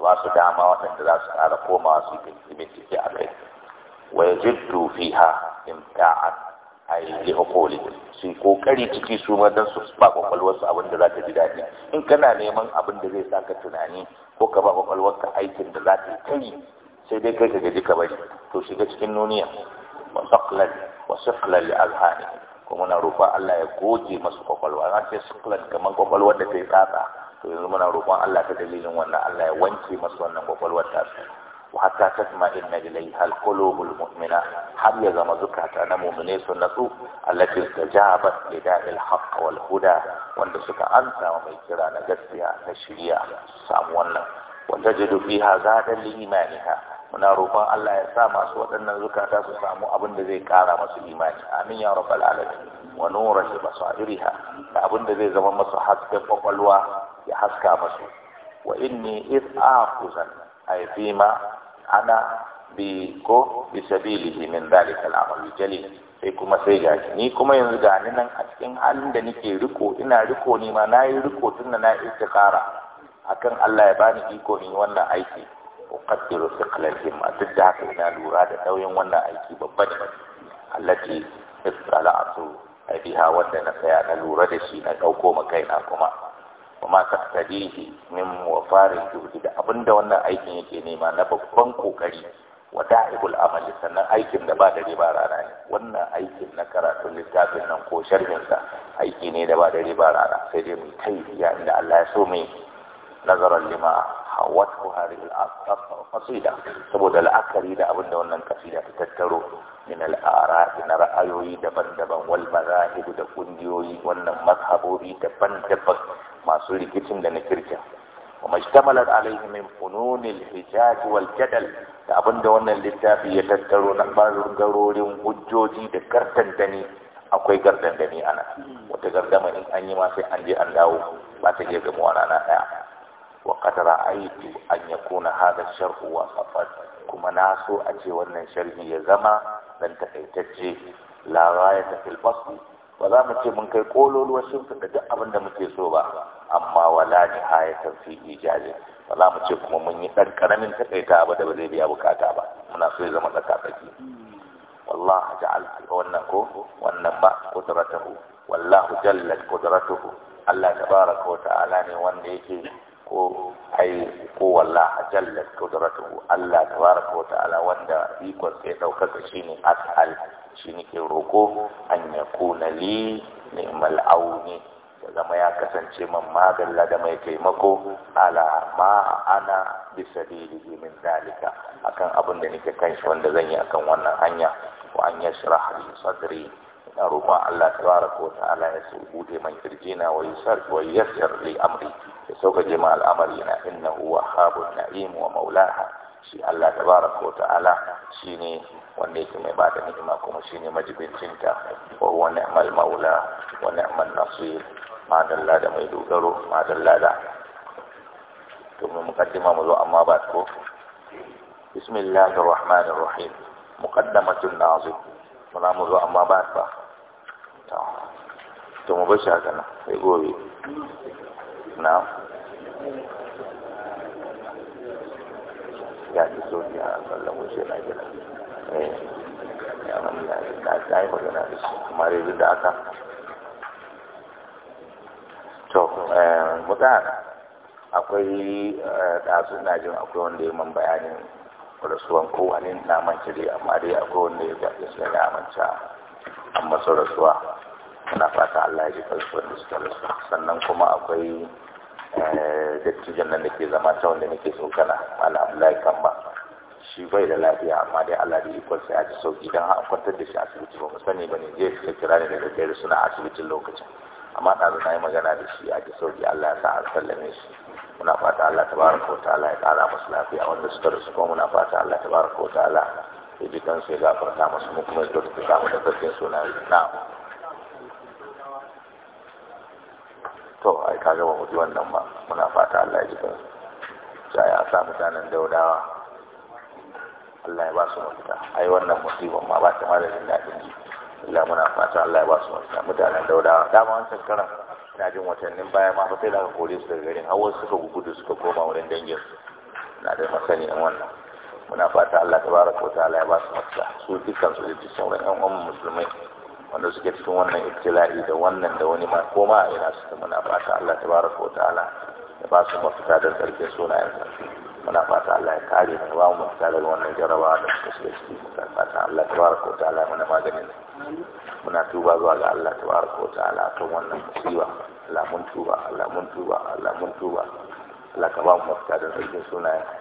ba su dama waɗanda za su ƙara komawa su yi bincike a kai wa ya jiddu fiha imta'an ay li uquli su kokari ciki su ma dan su ba kwakwalwar su abin da za ta ji daɗi in kana neman abin da zai saka tunani ko ka ba kwakwalwar ka aikin da za ta kai sai dai kai ka gaji ka bari to shiga cikin nuniya wa saqlan wa saqlan li alhani kuma na roƙon Allah ya goge masu kwakwalwa na ce saqlan kamar kwakwalwar da ta yi tsatsa to yanzu muna roƙon Allah ta dalilin wannan Allah ya wanke masu wannan kwakwalwar tasu wa hatta tasma inna ilayha alqulubul mu'mina har ya zama zukata na mu'mine sun natsu allati tajabat li da'il haqq wal huda wanda suka ansa mai kira na gaskiya na shari'a samu wannan wa tajidu fiha zadan li muna roƙon Allah ya sa masu waɗannan zukata su samu abin da zai ƙara masu imani amin ya rabbal alamin wa nuran li da abin da zai zama masu hasken kwakwalwa ya haska masu wa inni iz aquzan ay fima ana bi ko bi sabilihi min dalika al-amal sai kuma sai ga ni kuma yanzu ga ni nan a cikin halin da nake riko ina riko ni ma nayi riko tunda na istikara akan Allah ya bani iko ni wannan aiki uqaddiru thiqla himma duk da haka ina lura da nauyin wannan aiki babba ne allati istala'tu biha wanda na tsaya na lura da shi na dauko ma kaina kuma وما min wa وفار الجهد da abinda wannan aikin yake nema na babban kokari wa da'ibul amali sannan aikin da ba da riba rana ne wannan aikin na karatun littafin nan ko sharhin aiki ne da ba da riba rana sai dai mu kai ya inda Allah ya so mai nazaran lima hawatu hadhihi al-qasida saboda la'akari da abinda wannan kasida ta tattaro min al-ara'i na ra'ayoyi daban-daban wal mazahib da kungiyoyi wannan mazhabobi daban-daban masu rikicin da na kirkin wa mashtamalar alaihi min fununil hijaj wal jadal da abinda wannan littafi ya tattaro na garorin hujjoji da gardandani akwai gardandani ana wata gardama in an yi ma sai an je an dawo ba ta iya gamuwa rana daya wa qadara aitu an yakuna hadha sharhu wa safar kuma na so a ce wannan sharhi ya zama dan takaitacce la ghayata fil basri ba za mu ce mun kai kololuwar da duk abin da muke so ba amma wala ni hayatan fi ijabi ba za mu ce kuma mun yi ɗan karamin takaita ba da ba zai biya bukata ba muna so ya zama tsakatsaki والله جعل ونكو ونبا قدرته والله جلت قدرته الله تبارك وتعالى ne wanda yake ko ai ko wallahi jallat qudratuhu Allah tabaraka wa ta'ala wanda ikon sai daukaka shine as'al shine ke roko an yakuna li ni'mal auni ya zama ya kasance man magalla da mai taimako ala ma ana bisa dalili min zalika akan abin da nake kan shi wanda zan yi akan wannan hanya wa an yashrah li sadri ina roƙon Allah tabaraka wa ta'ala ya su bude man kirjina wa yusar wa yassir li amri ya sauƙaƙe ma al'amari na innahu wahhabun na'im wa maulaha shi Allah tabaraka wa ta'ala shine wanda yake mai bada ni'ima kuma shine majibincin ta wa huwa ni'mal maula wa ni'mal nasir ma dalla da mai dogaro ma dalla da to mu mukaddima mu zo amma ba ko bismillahir rahmanir rahim muqaddamatun nazim mala mu zo amma ba ta to mu bashi haka na sai gobe نعم ya ci so eh, ya sallan wuce na gina ya mamla da ta yi magana da shi kuma rezu da aka to eh, mutan akwai eh, ɗazu na jin akwai wanda ya man bayanin rasuwan wani na manci dai amma dai akwai wanda ya gaɗe shi ya Amma an masa rasuwa ana fata Allah ya ji kalsuwar da suka rasa sannan kuma akwai eh, dattijan nan da ke zama ta wanda nake abu mala kan kamba shi bai da lafiya amma dai Allah da ikon sai ya ji sauki don a kwantar da shi asibiti ba mu sani ba ne zai kira ne daga gari suna asibitin lokacin amma ɗazu na yi magana da shi a ji sauki Allah ya sa an sallame shi muna fata Allah tabaraka wa ta'ala ya ƙara musu lafiya wanda suka rasu kuma muna fata Allah tabaraka wa ta'ala ya ji kansu ya gafarta musu mu kuma ya kyautata kama da sarkin suna na'am to ai ka gaba mu wannan ba muna fata Allah ya ji kan sai ya sa mutanen daudawa Allah ya ba su mafita ai wannan musibin ma ba ta ma da jin daɗin ji Allah muna fata Allah ya ba su mafita mutanen daudawa dama wancan karan ina jin watannin baya ma sai da aka kore su daga garin hawa suka gugudu suka koma wurin dangin na da masani in wannan muna fata Allah tabaraka wa ta'ala ya ba su mafita su dukkan su da sauran ƴan uwan musulmai wanda suke cikin wannan ibtila'i da wannan da wani ma koma a ina suka muna fata Allah ta tabaraka wa ta'ala ya ba su mafita da tsarkin sunayensa muna fata Allah ya kare mu ba mu mafita daga wannan jarabawa da suka shiga ciki muna fata Allah ta tabaraka wa ta'ala muna maganin muna tuba zuwa ga Allah ta tabaraka wa ta'ala kan wannan musiba Allah mun tuba Allah mun tuba Allah mun tuba Allah ka ba mu mafita da sunayen sunayensa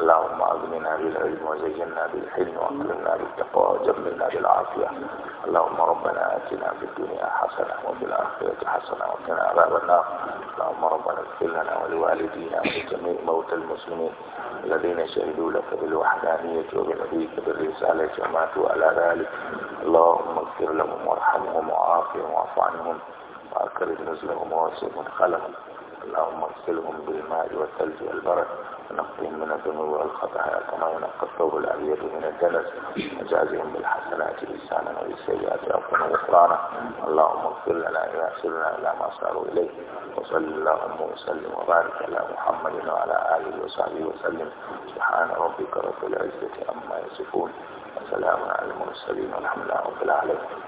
اللهم أغننا بالعلم وزينا بالحلم وأكرمنا بالتقوى وجملنا بالعافية اللهم ربنا آتنا في الدنيا حسنة وفي الآخرة حسنة وقنا عذاب النار اللهم ربنا اغفر لنا ولوالدينا ولجميع موتى المسلمين الذين شهدوا لك بالوحدانية وبنبيك بالرسالة وماتوا على ذلك اللهم اغفر لهم وارحمهم وعافهم واعف عنهم وأكرم نزلهم ووسع مدخلهم اللهم اغسلهم بالماء والثلج والبرد ونقيهم من الذنوب والخطايا كما ينقى الثوب الأبيض من الدنس وجازهم بالحسنات لسانا وبالسيئات عفوا وغفرانا اللهم اغفر لنا إذا سرنا إلى ما صاروا إليه وصل اللهم وسلم وبارك على محمد وعلى آله وصحبه وسلم سبحان ربك رب العزة عما يصفون وسلام على المرسلين والحمد لله رب العالمين